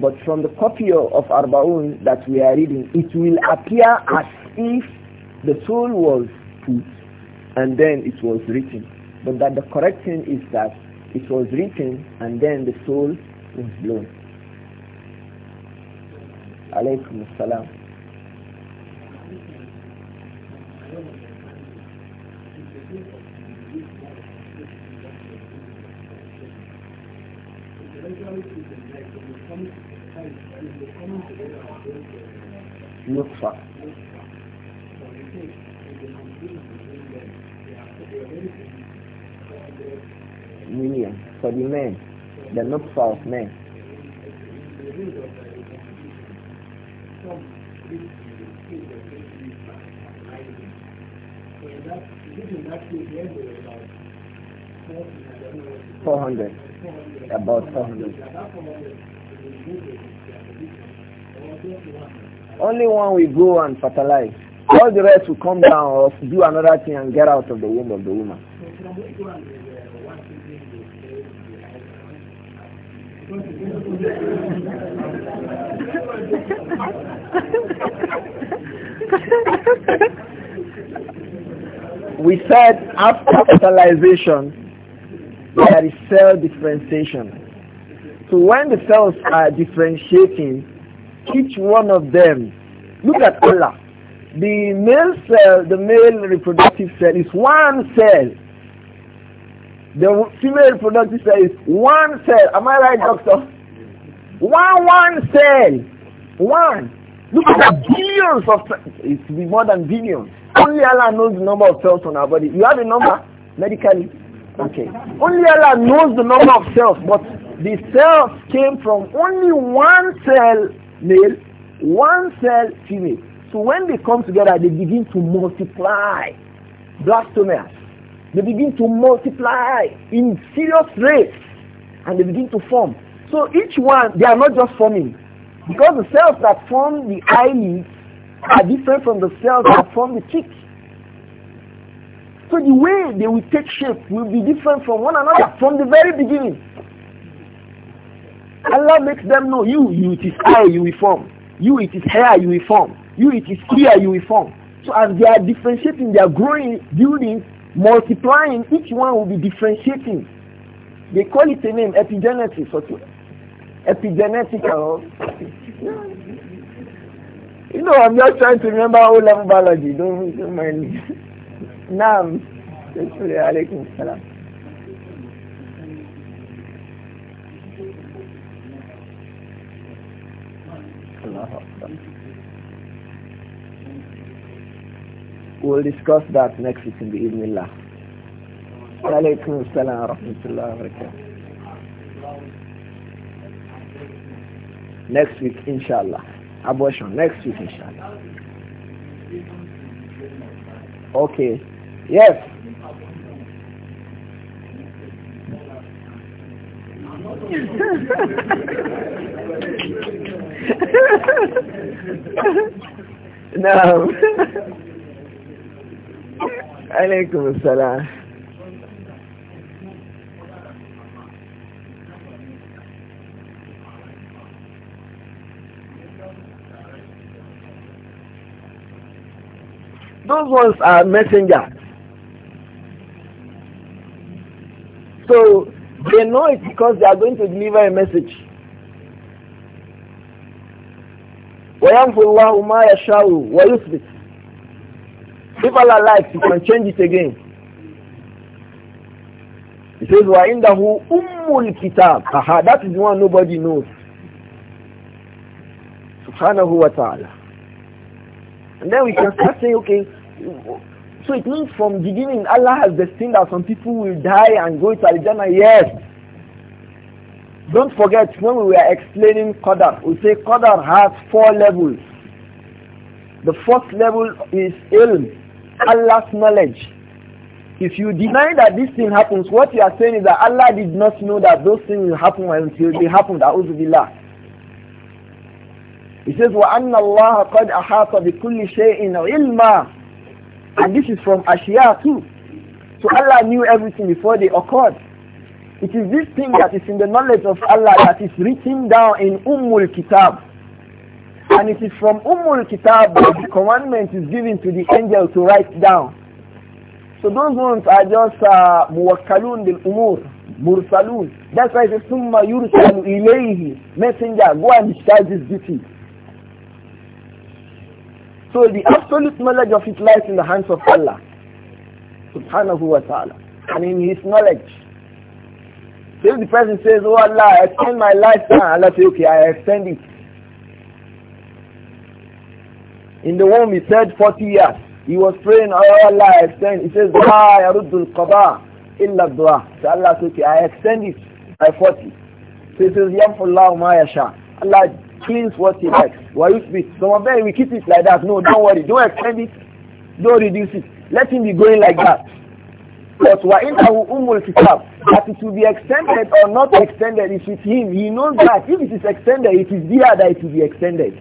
But from the copy of Arbaun that we are reading, it will appear as if the soul was put and then it was written. But that the correct thing is that it was written and then the soul was blown alaykum assalam نطفة for the men the nutfa of men from 400, about 400. Only one will go and fertilize. All the rest will come down or do another thing and get out of the womb of the woman. (laughs) we said after fertilization there is cell differentiation. So when the cells are differentiating, each one of them, look at Allah. The male cell, the male reproductive cell is one cell. The female reproductive cell is one cell. Am I right, doctor? One one cell. One. Look at the billions of cells. It be more than billions. Only Allah knows the number of cells on our body. You have a number medically? Okay. Only Allah knows the number of cells, but the cells came from only one cell male, one cell female. So when they come together, they begin to multiply. Blastomeres. They begin to multiply in serious rates and they begin to form. So each one, they are not just forming. Because the cells that form the eyelids are different from the cells that form the cheeks. So the way they will take shape will be different from one another from the very beginning. Allah makes them know you, you it is eye, you will form. You it is hair, you will form. You it is ear, you will form. So as they are differentiating, they are growing, building, multiplying, each one will be differentiating. They call it a name, epigenesis, or epigenetical. you know, I'm just trying to remember all level biology. Don't, don't mind me. (laughs) Nam. Alaikum salam. We'll discuss that next week in the evening. Alaikum salam wa rahmatullahi wa barakatuh. Next week, inshallah. Abortion, next week, inshallah. Okay. Yes. (laughs) no. عليكم (laughs) السلام Those ones are messengers. So they know it because they are going to deliver a message. وَيَنْفُ اللَّهُ مَا يَشَاءُ وَيُثْبِتُ If Allah likes, He can change it again. He says, وَعِنْدَهُ أُمُّ الْكِتَابِ Aha, that is the one nobody knows. Subhanahu wa ta'ala. And then we can start saying, okay, so it means from beginning Allah has destined that some people will die and go to Al-Jannah. Yes. Don't forget when we were explaining Qadar, we say Qadar has four levels. The first level is ilm, Allah's knowledge. If you deny that this thing happens, what you are saying is that Allah did not know that those things will happen until they happened. A'udhu Billah. He says, وَأَنَّ اللَّهَ قَدْ أَحَاطَ بِكُلِّ شَيْءٍ عِلْمًا And this is from Ashia too. So Allah knew everything before they occurred. It is this thing that is in the knowledge of Allah that is written down in Ummul Kitab. And it is from Ummul Kitab that the commandment is given to the angel to write down. So those ones are just uh, muwakkalun bil umur, mursalun. That's why it is summa yursalu ilayhi. Messenger, go and discharge this duty. So the absolute knowledge of his life in the hands of Allah subhanahu wa ta'ala and in his knowledge. So if the person says, oh Allah, I extend my lifetime, Allah says, okay, I extend it. In the womb he said 40 years. He was praying, oh Allah, I extend. He says, La yaruddul qada illa dua. So Allah says, okay, I extend it by 40. So he says, Yamfullahu ma yasha. Allah cleans what he likes. Why you speak? Some of them we keep it like that. No, don't worry. Don't extend it. Don't reduce it. Let him be going like that. But wa'intahu umul kitab, that it will be extended or not extended is with him. He knows that if it is extended, it is there that it will be extended.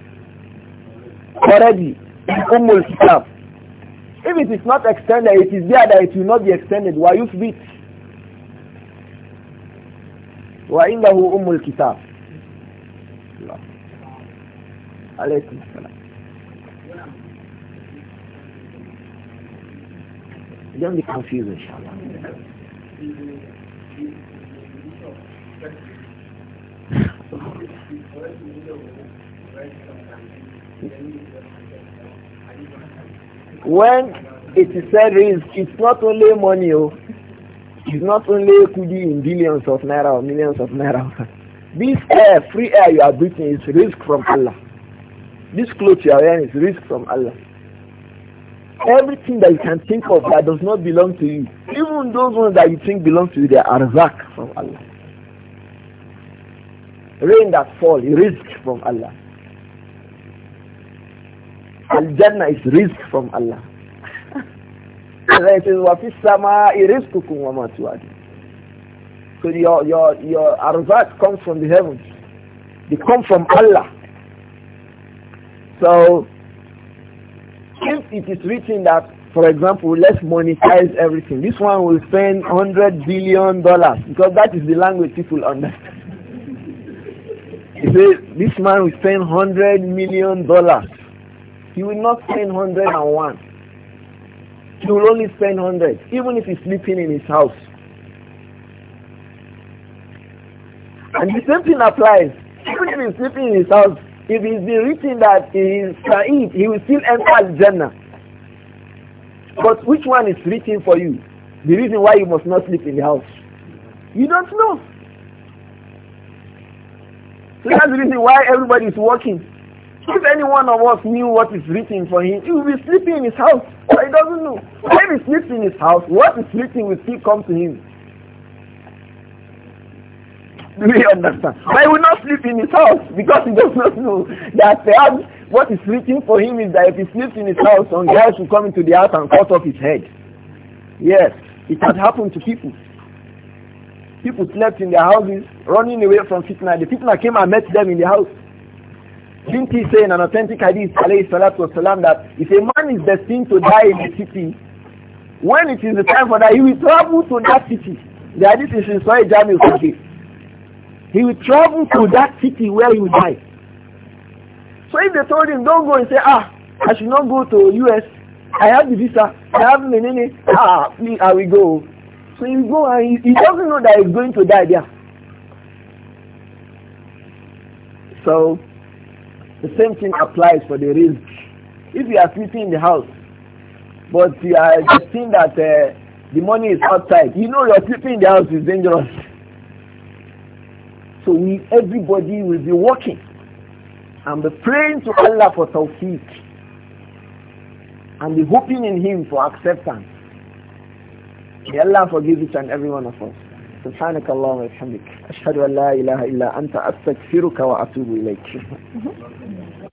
Already, umul kitab. If it is not extended, it is there that it will not be extended. Why you speak? وعنده أم الكتاب alaikum salam don't be confused inshallah when it is said risk it's not only money oh it's not only kudi in billions of naira or millions of naira (laughs) this air free air you are breathing is risk from allah this clothes you are wearing is risk from Allah. Everything that you can think of that does not belong to you, even those ones that you think belong to you, they are rizq from Allah. Rain that fall is risk from Allah. Al-Jannah is risk from Allah. and then it says, وَفِي السَّمَاءِ رِزْقُكُمْ وَمَا So your, your, your arzak comes from the heavens. They come from Allah. So, if it is written that, for example, let's monetize everything, this one will spend $100 billion because that is the language people understand. He (laughs) says, this man will spend $100 million. He will not spend 101 he will only spend 100 even if he's sleeping in his house and the same thing applies even if he's sleeping in his house if it's been written that he is Sa'id, he will still enter Jannah. But which one is written for you? The reason why you must not sleep in the house. You don't know. So that's the reason why everybody is working. If any one of us knew what is written for him, he would be sleeping in his house. But he doesn't know. If he sleeps in his house, what is written will still come to him. Do (laughs) we understand? But he will not sleep in his house because he does not know that perhaps what is sleeping for him is that if he sleeps in his house, some guys will come into the house and cut off his head. Yes, it has happened to people. People slept in their houses, running away from fitna. The fitna came and met them in the house. Didn't he say in an authentic hadith, alayhi salatu wasalam, that if a man is destined to die in a city, when it is the time for that, he will travel to that city. The hadith is in Sahih Jami he will travel to that city where he will die. So if they told him, don't go and say, ah, I should not go to US. I have the visa. I have menene. Ah, me, I will go. So he go and he, he doesn't know that he's going to die there. So the same thing applies for the risk. If you are sleeping in the house, but you are just seeing that uh, the money is outside, you know you're sleeping in the house is dangerous. So we, everybody will be working and be praying to Allah for tawfiq and be hoping in Him for acceptance. May Allah forgive each and every one of us. سبحانك اللهم وبحمدك أشهد أن لا إله إلا أنت أستغفرك وأتوب إليك